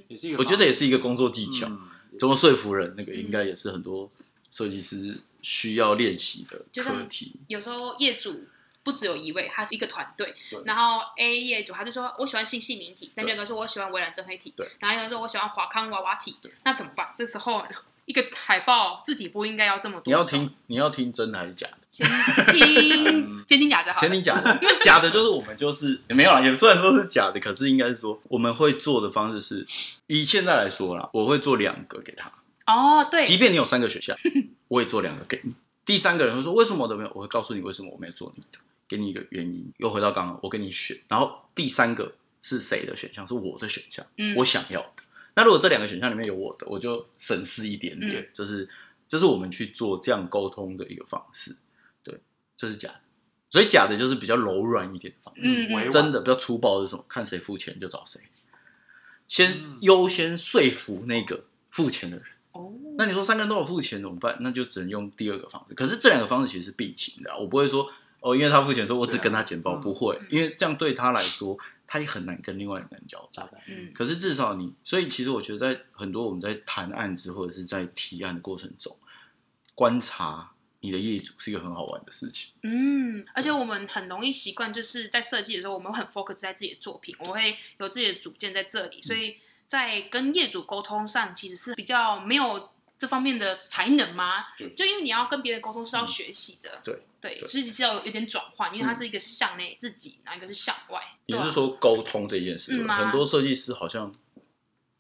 也是我覺得也是一個工作技巧，嗯、怎麼說服人，嗯、那個應該也是很多設計師需要練習的課題。就是。有時候業主不只有一位，他是一個團隊，對然後 A 業主他就說：“我喜歡新細明體”，對但有一個說：“我喜歡微軟正黑體”，對然後一個說：“我喜歡華康娃娃體”，對那怎麼辦？這時候。一個海報自己不應該要這麼多。你要聽，你要聽真的還是假的？先聽， 嗯、先聽假的。先聽假的， 假的就是我們就是 也沒有了。也雖然說是假的，可是應該是說我們會做的方式是以現在來說啦，我會做兩個給他。哦，oh, 對。即便你有三個選項，我也做兩個給你。 第三個人會說為什麼我都沒有？我會告訴你為什麼我沒有做你的，給你一個原因。又回到剛剛，我給你選，然後第三個是誰的選項？是我的選項，嗯、我想要的。那如果這兩個選項裡面有我的，我就省事一點點，嗯、就是就是我們去做這樣溝通的一個方式，對，這、就是假的，所以假的就是比較柔軟一點的方式，嗯嗯、真的比較粗暴的是什麼？看誰付錢就找誰，先優先說服那個付錢的人。嗯、那你說三個人都要付錢怎麼辦？那就只能用第二個方式。可是這兩個方式其實是並行的、啊，我不會說。哦，因為他父親說，我只跟他簡報。啊、不會，嗯、因為這樣對他來說，他也很難跟另外一個人交戰。嗯，可是至少你，所以其實我覺得，在很多我們在談案子或者是在提案的過程中，觀察你的業主是一個很好玩的事情。嗯，對而且我們很容易習慣，就是在設計的時候，我們很 focus 在自己的作品，我會有自己的主見在這裡，對所以在跟業主溝通上，其實是比較沒有。這方面的才能嗎？就因為你要跟別人溝通是要學習的，對對，所以是要有點轉換，因為它是一個向內，自己然後，一個是向外？你是說溝通這件事嗎？很多設計師好像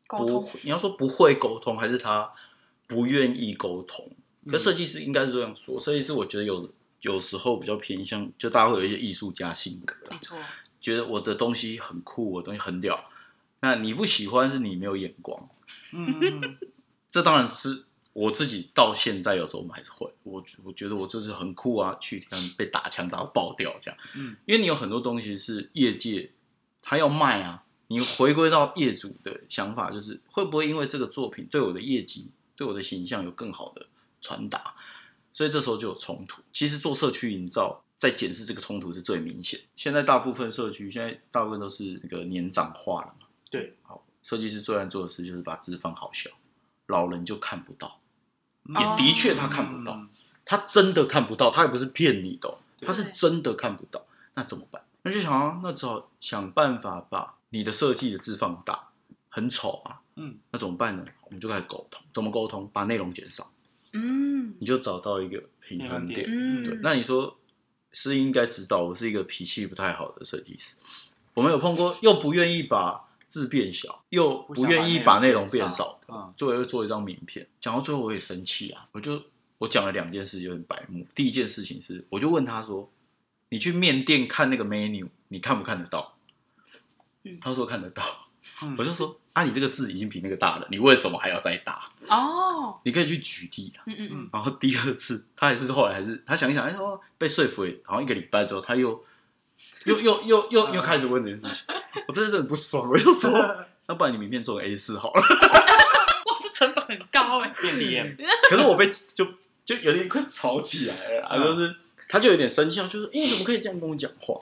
溝通，你要說不會溝通，還是他不願意溝通？可設計師應該是這樣說，設計師我覺得有有時候比較偏向，就大家會有一些藝術家性格，沒錯，覺得我的東西很酷，我東西很屌，那你不喜歡是你沒有眼光，嗯，這當然是。我自己到現在有時候我們還是會，我我覺得我就是很酷啊，去被打槍打到爆掉這樣。嗯，因為你有很多東西是業界他要賣啊，你回歸到業主的想法就是會不會因為這個作品對我的業績、對我的形象有更好的傳達，所以這時候就有衝突。其實做社區營造在檢視這個衝突是最明顯。現在大部分社區現在大部分都是那個年長化了嘛？對，好，設計師最愛做的事就是把字放好小，老人就看不到。也的確，他看不到，oh, um, 他真的看不到，他也不是騙你的，他是真的看不到。對那怎麼辦？那就想啊，那只好想辦法把你的設計的字放大，很醜啊，嗯，那怎麼辦呢？我們就開始溝通，怎麼溝通？把內容減少，嗯，你就找到一個平衡點。嗯、對，那你說是應該知道，我是一個脾氣不太好的設計師，我們有碰過，又不願意把。字變小，又不願意把內容變，變少，最後又做一張名片。講、嗯、到最後我也生氣啊！我就我講了兩件事有點白目。第一件事情是，我就問他說：“你去麵店看那個 menu，你看不看得到？”嗯、他說看得到，嗯、我就說：“啊，你這個字已經比那個大了，你為什麼還要再大？”哦，你可以去舉例、啊。嗯嗯，嗯然後第二次他還是後來還是他想一想，哎哦，被說服了。然後一個禮拜之後他又。又又又又又開始問這件事情，我真的是很不爽。我就說，那不然你名片做個 A 四好了。哇，這成本很高哎。可是我被就就有點快吵起來了啊，就是他就有點生氣了就是欸，你怎麼可以這樣跟我講話？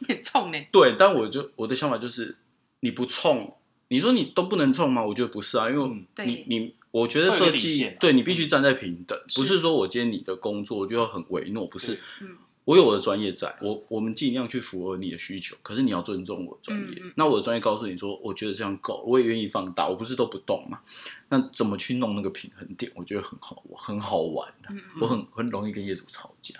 你很衝呢？對，但我就我的想法就是，你不衝，你說你都不能衝嗎？我覺得不是啊，因為你你，我覺得設計對你必須站在平等，不是說我接你的工作就要很唯諾，不是。我有我的專業在，在我我們盡量去符合你的需求，可是你要尊重我的專業。嗯嗯，那我的專業告訴你說，我覺得這樣夠，我也願意放大，我不是都不動嗎？那怎麼去弄那個平衡點？我覺得很好玩，很好玩。嗯嗯，我很很容易跟業主吵架。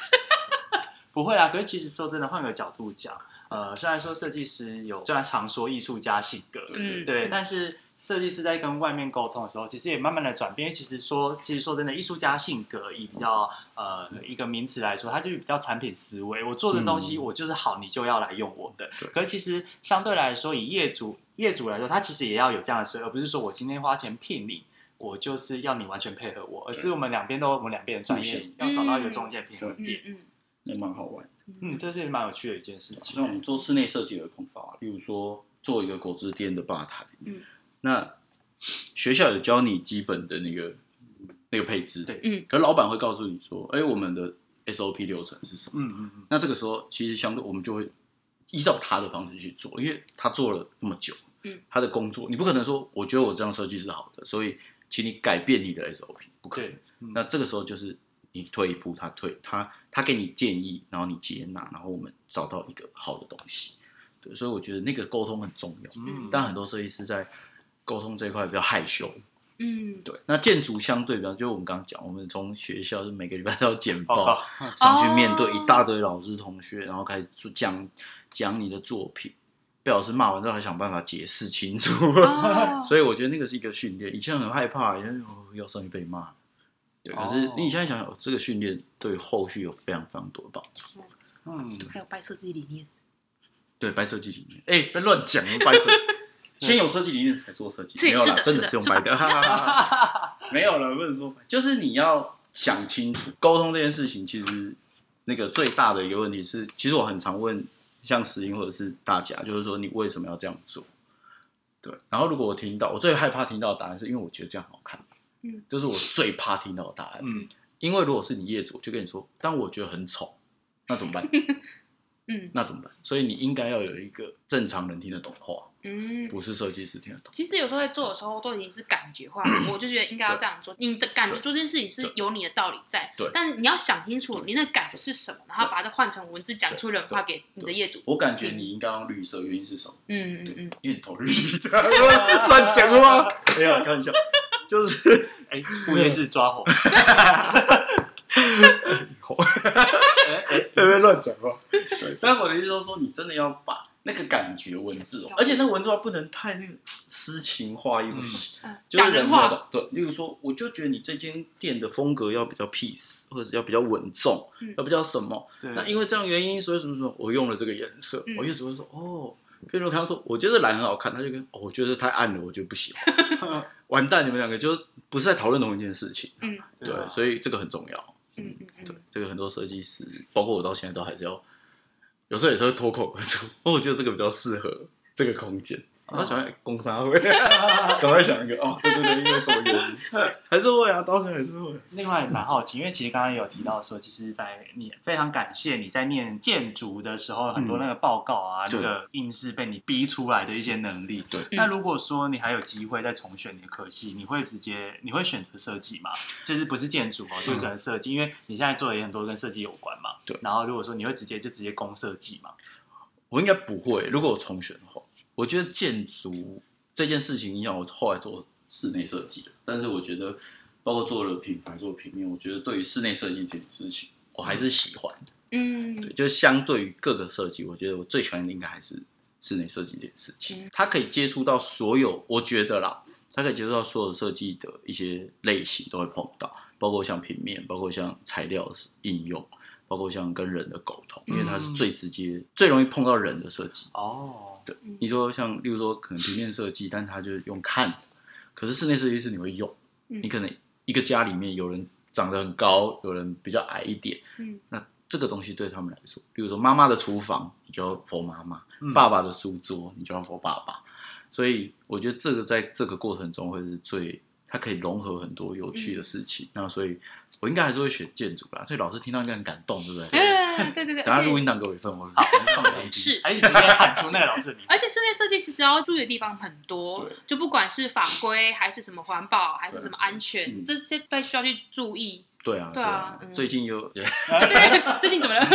不會啊，可是其實說真的，換個角度講，呃，雖然說設計師有，雖然常說藝術家性格，對，但是。設計師在跟外面溝通的時候，其實也慢慢的轉變。其實說，其實說真的，藝術家性格以比較呃一個名詞來說，它就是比較產品思維。我做的東西，我就是好，你就要來用我的。可是其實相對來說，以業主業主來說，他其實也要有這樣的思維，而不是說我今天花錢聘你，我就是要你完全配合我，而是我們兩邊都我們兩邊的專業要找到一個中間平衡點。嗯，也蠻好玩。嗯，這是蠻有趣的一件事情。那我們做室內設計的碰到，比如說做一個果汁店的吧台，嗯。那學校有教你基本的那個那個配置，對，嗯，可是老闆會告訴你說，哎、欸，我們的 SOP 流程是什麼？嗯嗯嗯。嗯，那這個時候其實相對我們就會依照他的方式去做，因為他做了那麼久，嗯，他的工作你不可能說，我覺得我這樣設計是好的，所以請你改變你的 SOP，不可以。嗯，那這個時候就是你退一步，他退，他他給你建議，然後你接納，然後我們找到一個好的東西。對，所以我覺得那個溝通很重要。嗯，對但很多設計師在溝通這一塊比較害羞，嗯，對。那建築相對比方，比較就我們剛剛講，我們從學校是每個禮拜都要簡報，上去面對一大堆老師同學，然後開始講講你的作品，被老師罵完之後，還想辦法解釋清楚。哦、 所以我覺得那個是一個訓練，以前很害怕，因為要要上去被罵。對，哦、可是你現在想，想、哦，這個訓練對後續有非常非常多的幫助。嗯，對還有白設計理念。對，白設計理念，哎，別亂講白設計。 先有設計理念才做設計，己沒有啦，的真的是用白的，是白的 沒有啦，不能說白，就是你要想清楚溝通這件事情。其實，那個最大的一個問題是，是其實我很常問，像石英或者是大家，就是說你為什麼要這樣做？對，然後如果我聽到，我最害怕聽到的答案，是因為我覺得這樣很好看，嗯，就是我最怕聽到的答案，嗯，因為如果是你業主，就跟你說，但我覺得很醜，那怎麼辦？ 嗯，那怎麼辦？所以你應該要有一個正常人聽得懂的話，嗯，不是設計師聽得懂。其實有時候在做的時候，都已經是感覺化了。我就覺得應該要這樣做。你的感覺做這件事情是有你的道理在，對。但是你要想清楚，你那感覺是什麼，然後把它換成文字，講出人話給你的業主。我感覺你應該用綠色，原因是什麼？嗯，對，因為你投綠的。亂講嗎？等一下，看一下，就是哎，副業是抓火。哈，哈，哈哈哈！哎，不要亂講話。對，但我的意思說，你真的要把那個感覺、文字哦，而且那個文字還不能太那個詩情畫意，講人話。對，例如說，我就覺得你這間店的風格要比較 peace，或者要比較穩重，要比較什麼？那因為這樣原因，所以什麼什麼，我用了這個顏色。我業主會說，哦，跟人家說，我覺得藍很好看，他就跟，我覺得太暗了，我覺得不喜歡。完蛋，你們兩個就不是在討論同一件事情。嗯，對，所以這個很重要。嗯，對，這個很多設計師，包括我到現在都還是要，有時候也是會脫口而出，哦， 我覺得這個比較適合這個空間。我想要工商會、啊，趕 快想一個哦，對對對，因為什麼原因？還是會啊，當時候還是會。另外蠻好奇，因為其實剛剛有提到說，嗯、其實在你非常感謝你在念建築的時候，很多那個報告啊，這、嗯、個硬是被你逼出來的一些能力。對。那、嗯、如果說你還有機會再重選你的科系，你會直接，你會選擇設計嗎？就是不是建築哦、喔，就轉設計，因為你現在做的也很多跟設計有關嘛。對。然後如果說你會直接就直接攻設計嘛？我應該不會，如果我重選的話。我覺得建築這件事情影響我後來做室內設計的，但是我覺得包括做了品牌、做平面，我覺得對於室內設計這件事情，我還是喜歡的。嗯，對，就相對於各個設計，我覺得我最喜歡的應該還是室內設計這件事情。嗯。它可以接觸到所有，我覺得啦，它可以接觸到所有設計的一些類型都會碰到，包括像平面，包括像材料的應用。包括像跟人的溝通，嗯、因為它是最直接、最容易碰到人的設計。哦，對，你說像，例如說可能平面設計， 但它就用看；可是室內設計是你會用，嗯、你可能一個家裡面有人長得很高，有人比較矮一點，嗯，那這個東西對他們來說，例如說媽媽的廚房，你就要 for 媽媽；嗯、爸爸的書桌，你就要 for 爸爸。所以我覺得這個在這個過程中會是最。它可以融合很多有趣的事情，那所以我應該還是會選建築吧？所以老師聽到應該很感動，對不對？對對對對。等下錄音檔給我一份，我。是。而且室內設計其實要注意的地方很多，就不管是法規，還是什麼環保，還是什麼安全，這些都需要去注意。對啊。對啊。最近又。最近最近怎麼了？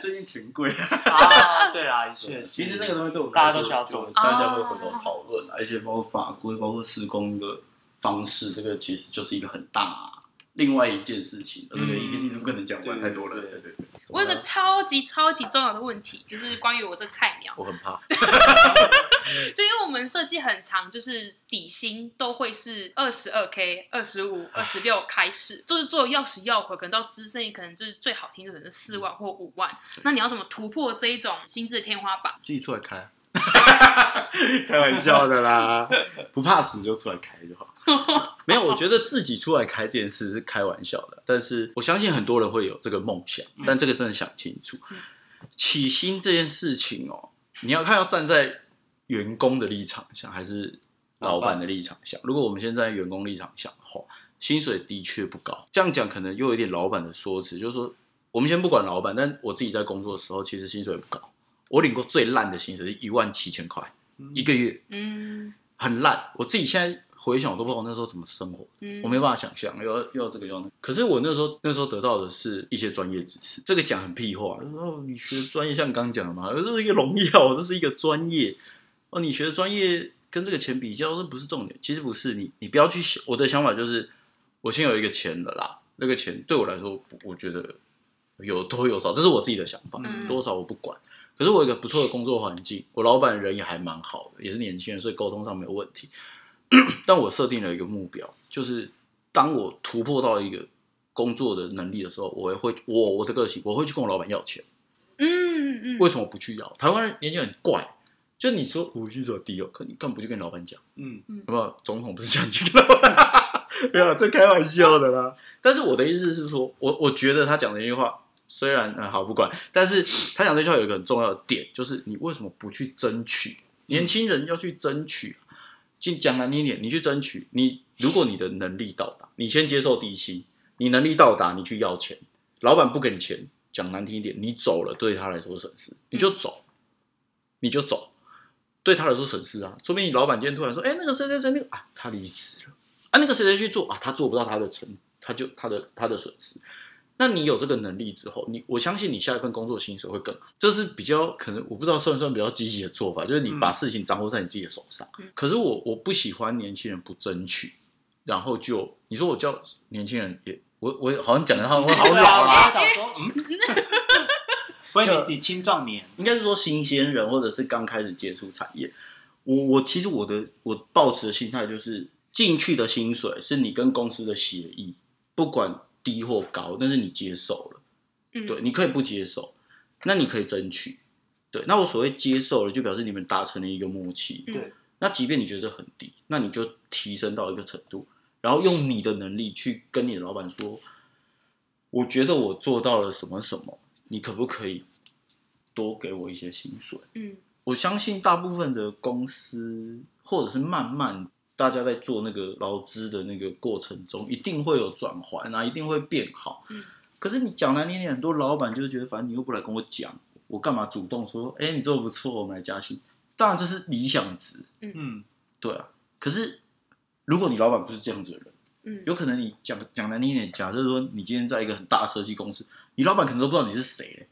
最近錢貴啊。啊，對啊，一切。其實那個東西對我們來說，大家都需要做，大家會有很多討論，而且包括法規，包括施工的。方式，這個其實就是一個很大、啊、另外一件事情了、嗯，對不對？已經幾不可能講完太多了。對對對，我有個超級超級重要的問題，就是關於我這菜鳥，我很怕。就因為我們設計很長，就是底薪都會是二十二 k、二十五、二十六開始，就是做要死要活，可能到資深也可能就是最好聽的，可能是四萬或五萬。那你要怎麼突破這一種薪資的天花板？自己出來開。 開玩笑的啦，不怕死就出來開就好。沒有，我覺得自己出來開這件事是開玩笑的。但是我相信很多人會有這個夢想，但這個真的想清楚，起薪這件事情哦，你要看要站在員工的立場想，還是老闆的立場想。如果我們先站在員工立場想的話，薪水的確不高。這樣講可能又有點老闆的說辭，就是說我們先不管老闆，但我自己在工作的時候，其實薪水也不高。我領過最爛的薪水是一萬七千塊、嗯、一個月，嗯，很爛。我自己現在回想，我都不知道我那時候怎麼生活，嗯、我沒辦法想象。又要又要這個樣子、那個、可是我那時候那時候得到的是一些專業知識。這個講很屁話，就、哦、你學專業像剛講的嘛，這是一個榮耀，這是一個專業哦。你學的專業跟這個錢比較，那不是重點。其實不是，你你不要去想。我的想法就是，我先有一個錢的啦。那個錢對我來說，我覺得有多有少，這是我自己的想法。嗯、多少我不管。可是我有一個不錯的工作環境，我老板人也還蠻好的，也是年輕人，所以溝通上沒有問題。 但我設定了一個目標，就是當我突破到一個工作的能力的時候，我也會我我的個性，我會去跟我老板要錢。嗯嗯，嗯，為什麼不去要？台灣人年紀很怪，就你說無需所低哦、喔，可你根本不去跟老板講、嗯。嗯嗯，有沒有？總統不是這樣去跟老闆哈哈哈，沒有，這 開玩笑的啦。但是我的意思是說，我我覺得他講的一句話。雖然、嗯、好不管，但是他講這句話有一個很重要的點，就是你為什麼不去爭取？年輕人要去爭取，啊，進講難聽一點，你去爭取，你如果你的能力到達，你先接受低薪；你能力到達，你去要錢，老闆不給你錢，講難聽一點，你走了對他來說損失，你就走，你就走，對他來說損失啊，說不定你老闆今天突然說，哎、欸，那個誰誰誰那個啊，他離職了，啊，那個誰誰去做啊，他做不到他的成，他就他的他的損失。那你有這個能力之後，你我相信你下一份工作薪水會更好。這是比較可能，我不知道算不算比較積極的做法，就是你把事情掌握在你自己的手上。嗯、可是我我不喜歡年輕人不爭取，然後就你說我叫年輕人也，我我好像講的他們會好老我、啊、嗯，我想說，嗯，你青壯年，應該是說新鮮人或者是剛開始接觸產業。我我其實我的我抱持的心態就是進去的薪水是你跟公司的協議，不管。低或高，但是你接受了，嗯、對，你可以不接受，那你可以爭取，對，那我所謂接受了，就表示你們達成了一個默契，嗯、對，那即便你覺得很低，那你就提升到一個程度，然後用你的能力去跟你的老闆說，我覺得我做到了什麼什麼，你可不可以多給我一些薪水？嗯，我相信大部分的公司或者是慢慢。大家在做那個勞資的那個過程中，一定會有轉換啊，一定會變好。嗯。可是你講難聽點，很多老闆就是覺得，反正你又不來跟我講，我幹嘛主動說？哎、欸，你做的不錯，我們來加薪。當然這是理想值。嗯，嗯，對啊。可是如果你老闆不是這樣子的人，嗯，有可能你講講難聽點，假設說你今天在一個很大的設計公司，你老闆可能都不知道你是誰呢，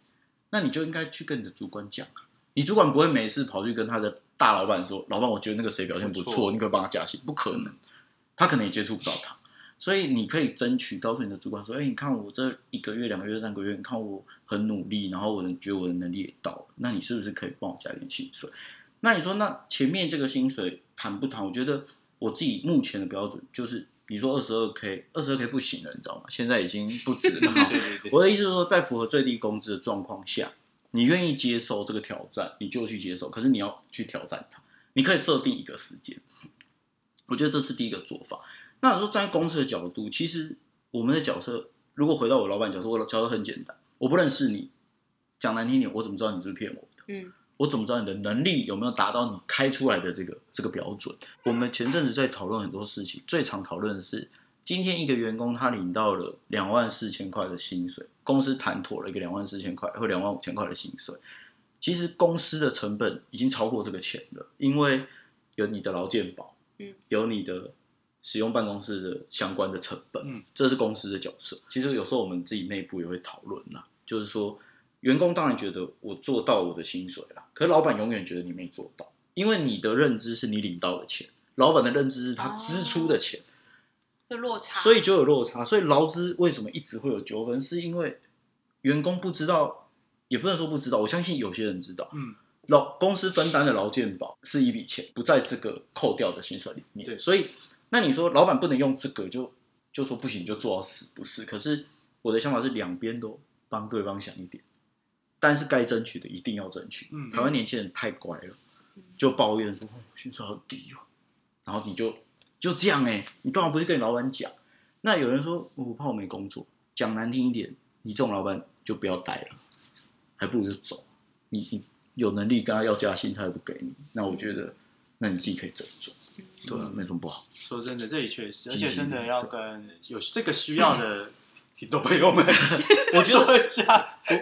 那你就應該去跟你的主管講啊。你主管不會沒事跑去跟他的大老板說：“老板，我覺得那個誰表現不錯，不錯你可以幫他加薪。”不可能，他可能也接觸不到他。所以你可以爭取，告訴你的主管說：“誒、欸，你看我這一個月、兩個月、三個月，你看我很努力，然後我能覺得我的能力也到了，那你是不是可以幫我加點薪水？”那你說，那前面這個薪水談不談？我覺得我自己目前的標準就是，比如說二十二 K，二十二 K 不行了，你知道嗎？現在已經不止了。哈， 我的意思是說，在符合最低工資的狀況下。你願意接受這個挑戰，你就去接受。可是你要去挑戰它，你可以設定一個時間。我覺得這是第一個做法。那如果站在公司的角度，其實我們的角色，如果回到我老闆角色，我的角色很簡單，我不認識你，講難聽點，我怎麼知道你是不是騙我的？嗯，我怎麼知道你的能力有沒有達到你開出來的這個這個標準？我們前陣子在討論很多事情，最常討論的是。今天一個員工他領到了兩萬四千塊的薪水，公司談妥了一個兩萬四千塊或兩萬五千塊的薪水。其實公司的成本已經超過這個錢了，因為有你的勞健保，嗯，有你的使用辦公室的相關的成本，嗯，這是公司的角色。其實有時候我們自己內部也會討論啦，就是說員工當然覺得我做到我的薪水了，可是老板永遠覺得你沒做到，因為你的認知是你領到的錢，老板的認知是他支出的錢。哦的落差，所以就有落差。所以勞資為什麼一直會有糾紛？是因為員工不知道，也不能說不知道。我相信有些人知道。嗯老，公司分擔的勞健保是一筆錢，不在這個扣掉的薪水裡面。對，所以那你說，老闆不能用這個就就說不行，就做到死，不是？可是我的想法是，兩邊都幫對方想一點，但是該爭取的一定要爭取。嗯，台灣年輕人太乖了，就抱怨說，哦，薪水好低哦啊，然後你就。就這樣哎、欸，你幹嘛不是跟你老闆講？那有人說，我不怕我沒工作。講難聽一點，你這種老闆就不要待了，還不如就走。你你有能力跟他要加薪，他也不給你，那我覺得那你自己可以這麼做，對、嗯，沒什麼不好。說真的，這裡確實，而且真的要跟有這個需要的。對 聽眾朋友們，我覺得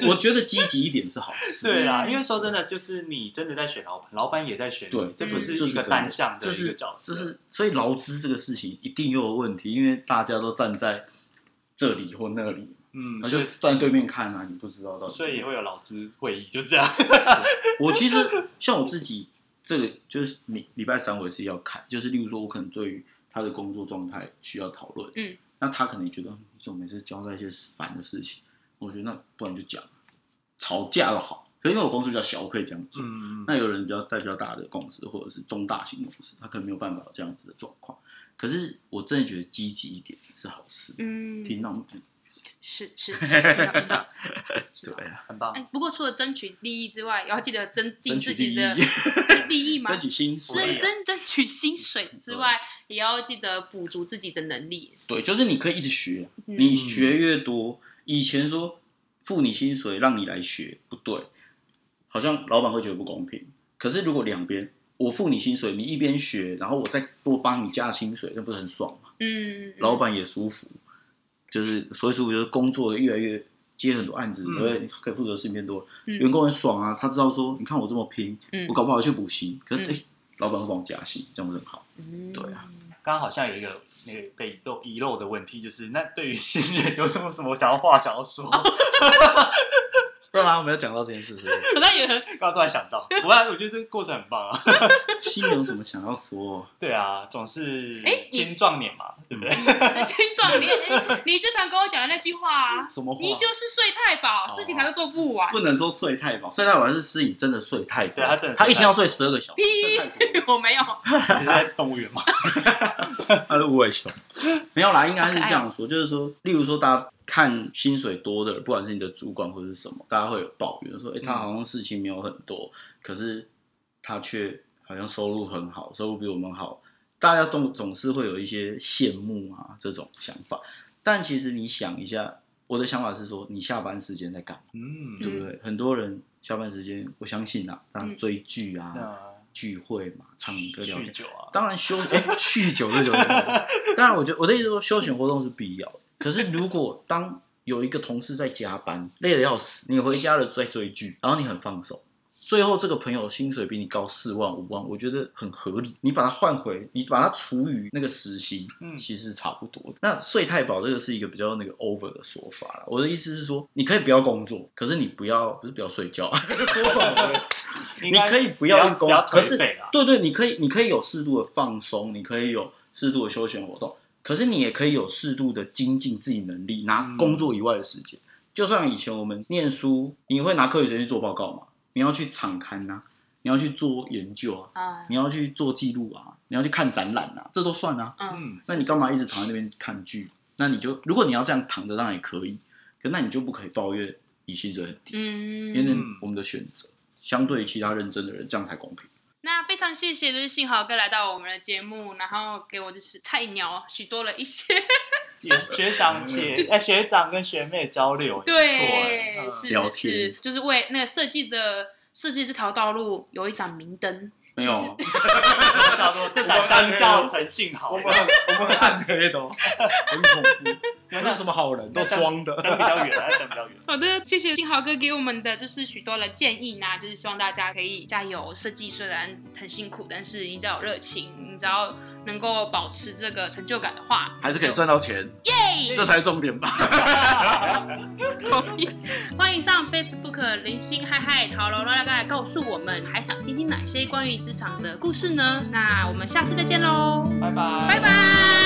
我覺得積極一點是好事。 對啊，因為說真的，就是你真的在選老闆，老闆也在選，對，這不是一個單向的一個角色，嗯、就是、就是，所以勞資這個事情一定又有問題，嗯、因為大家都站在這裡或那裡，嗯，而就站在對面看啊，嗯、你不知道到底，所以也會有勞資會議，就是、這樣 我其實像我自己，這個就是禮禮拜三我也是要看，就是例如說，我可能對於他的工作狀態需要討論，嗯。那他可能覺得，就每次交代一些煩的事情，我覺得那不然就講，吵架了好，可是因為我公司比較小，我可以這樣做。嗯、那有人比較代表大的公司，或者是中大型公司，他可能沒有辦法有這樣子的狀況。可是我真的覺得積極一點是好事，嗯、聽到。子。是是是，很棒，對，很棒。不過除了爭取利益之外，也要記得增進自己的利益嘛。爭 取薪水，爭爭取薪水之外， 也要記得補足自己的能力。對，就是你可以一直學，你學越多，嗯、以前說付你薪水讓你來學，不對，好像老闆會覺得不公平。可是如果兩邊我付你薪水，你一邊學，然後我再多幫你加薪水，那不是很爽嗎？嗯，嗯，老闆也舒服。就是所以說，我覺得工作越來越接很多案子，因為、嗯、可以負責事情變多，嗯、員工很爽啊。他知道說，你看我這麼拼，嗯、我搞不好去補習，嗯、可是、嗯欸、老板會幫我加薪，這樣子很好。嗯、對啊，剛剛好像有一個那個被漏遺漏的問題，就是那對於新人有什麼什麼想要話想要說。 不然我們要講到這件事，可能有人剛剛突然想到，我我覺得這個過程很棒啊。心有什麼想要說？對啊，總是哎，青壯年嘛，對不對？青壯年，你最常跟我講的那句話啊，什麼話？你就是睡太飽，事情他都做不完。不能說睡太飽，睡太飽是思穎真的睡太多。對他真的，他一天要睡十二個小時。屁，我沒有。你在動物園嗎？他是無尾熊，沒有啦，應該是這樣說，就是說，例如說，大家。看薪水多的，不管是你的主管或者是什麼，大家會有抱怨說：“哎、欸，他好像事情沒有很多，嗯、可是他卻好像收入很好，收入比我們好。”大家都總是會有一些羨慕啊這種想法。但其實你想一下，我的想法是說，你下班時間在幹嘛？嗯，對不對？嗯、很多人下班時間，我相信啊，他追劇啊、嗯、聚會嘛、唱歌、聊天、喝酒啊。當然休哎，酗、欸、 酒這酒， 當然，我覺得我的意思說，休閒活動是必要的。可是，如果當有一個同事在加班，累得要死，你回家了在追劇，然後你很放鬆，最後這個朋友薪水比你高四萬五萬，我覺得很合理。你把它換回，你把它除以那個時薪，嗯，其實差不多。嗯。那睡太飽這個是一個比較那個 over 的說法了。我的意思是說，你可以不要工作，可是你不要不是不要睡覺，你可以不要工，啊，可是對，對對，你可以你可以有適度的放鬆，你可以有適度，度的休閒活動。可是你也可以有適度的精進自己能力，拿工作以外的時間。嗯、就算以前我們念書，你會拿課餘時間去做報告嘛？你要去場勘啊，你要去做研究啊，啊你要去做記錄啊，你要去看展覽啊，這都算啊。嗯，那你干嘛一直躺在那邊看劇？是是是，那你就如果你要這樣躺着，那也可以。可那你就不可以抱怨你薪水很低，嗯、因為我們的選擇相對於其他認真的人，這樣才公平。那非常謝謝，就是信豪哥來到我們的節目，然後給我就是菜鳥許多了一些 學長姐，欸、學長跟學妹交流，欸，對，嗯、是，是是，天就是為那個設計的，設計這條道路有一盞明燈。其沒有、啊，我想說這台灣教誠信好，我們很我們很暗黑的，很恐怖。不那是什麼好人，都裝的，站比較遠，站比較遠。好的，謝謝信豪哥給我們的就是許多的建議呢，就是希望大家可以加油。設計雖然很辛苦，但是你只要有熱情，你只要。嗯能夠保持這個成就感的話，還是可以賺到錢，耶就！Yeah! 這才是重點吧。 同意。歡迎上 Facebook 零星嗨嗨，桃羅羅大家來告訴我們，還想聽聽哪些關於職場的故事呢？那我們下次再見嘍，拜拜，拜拜。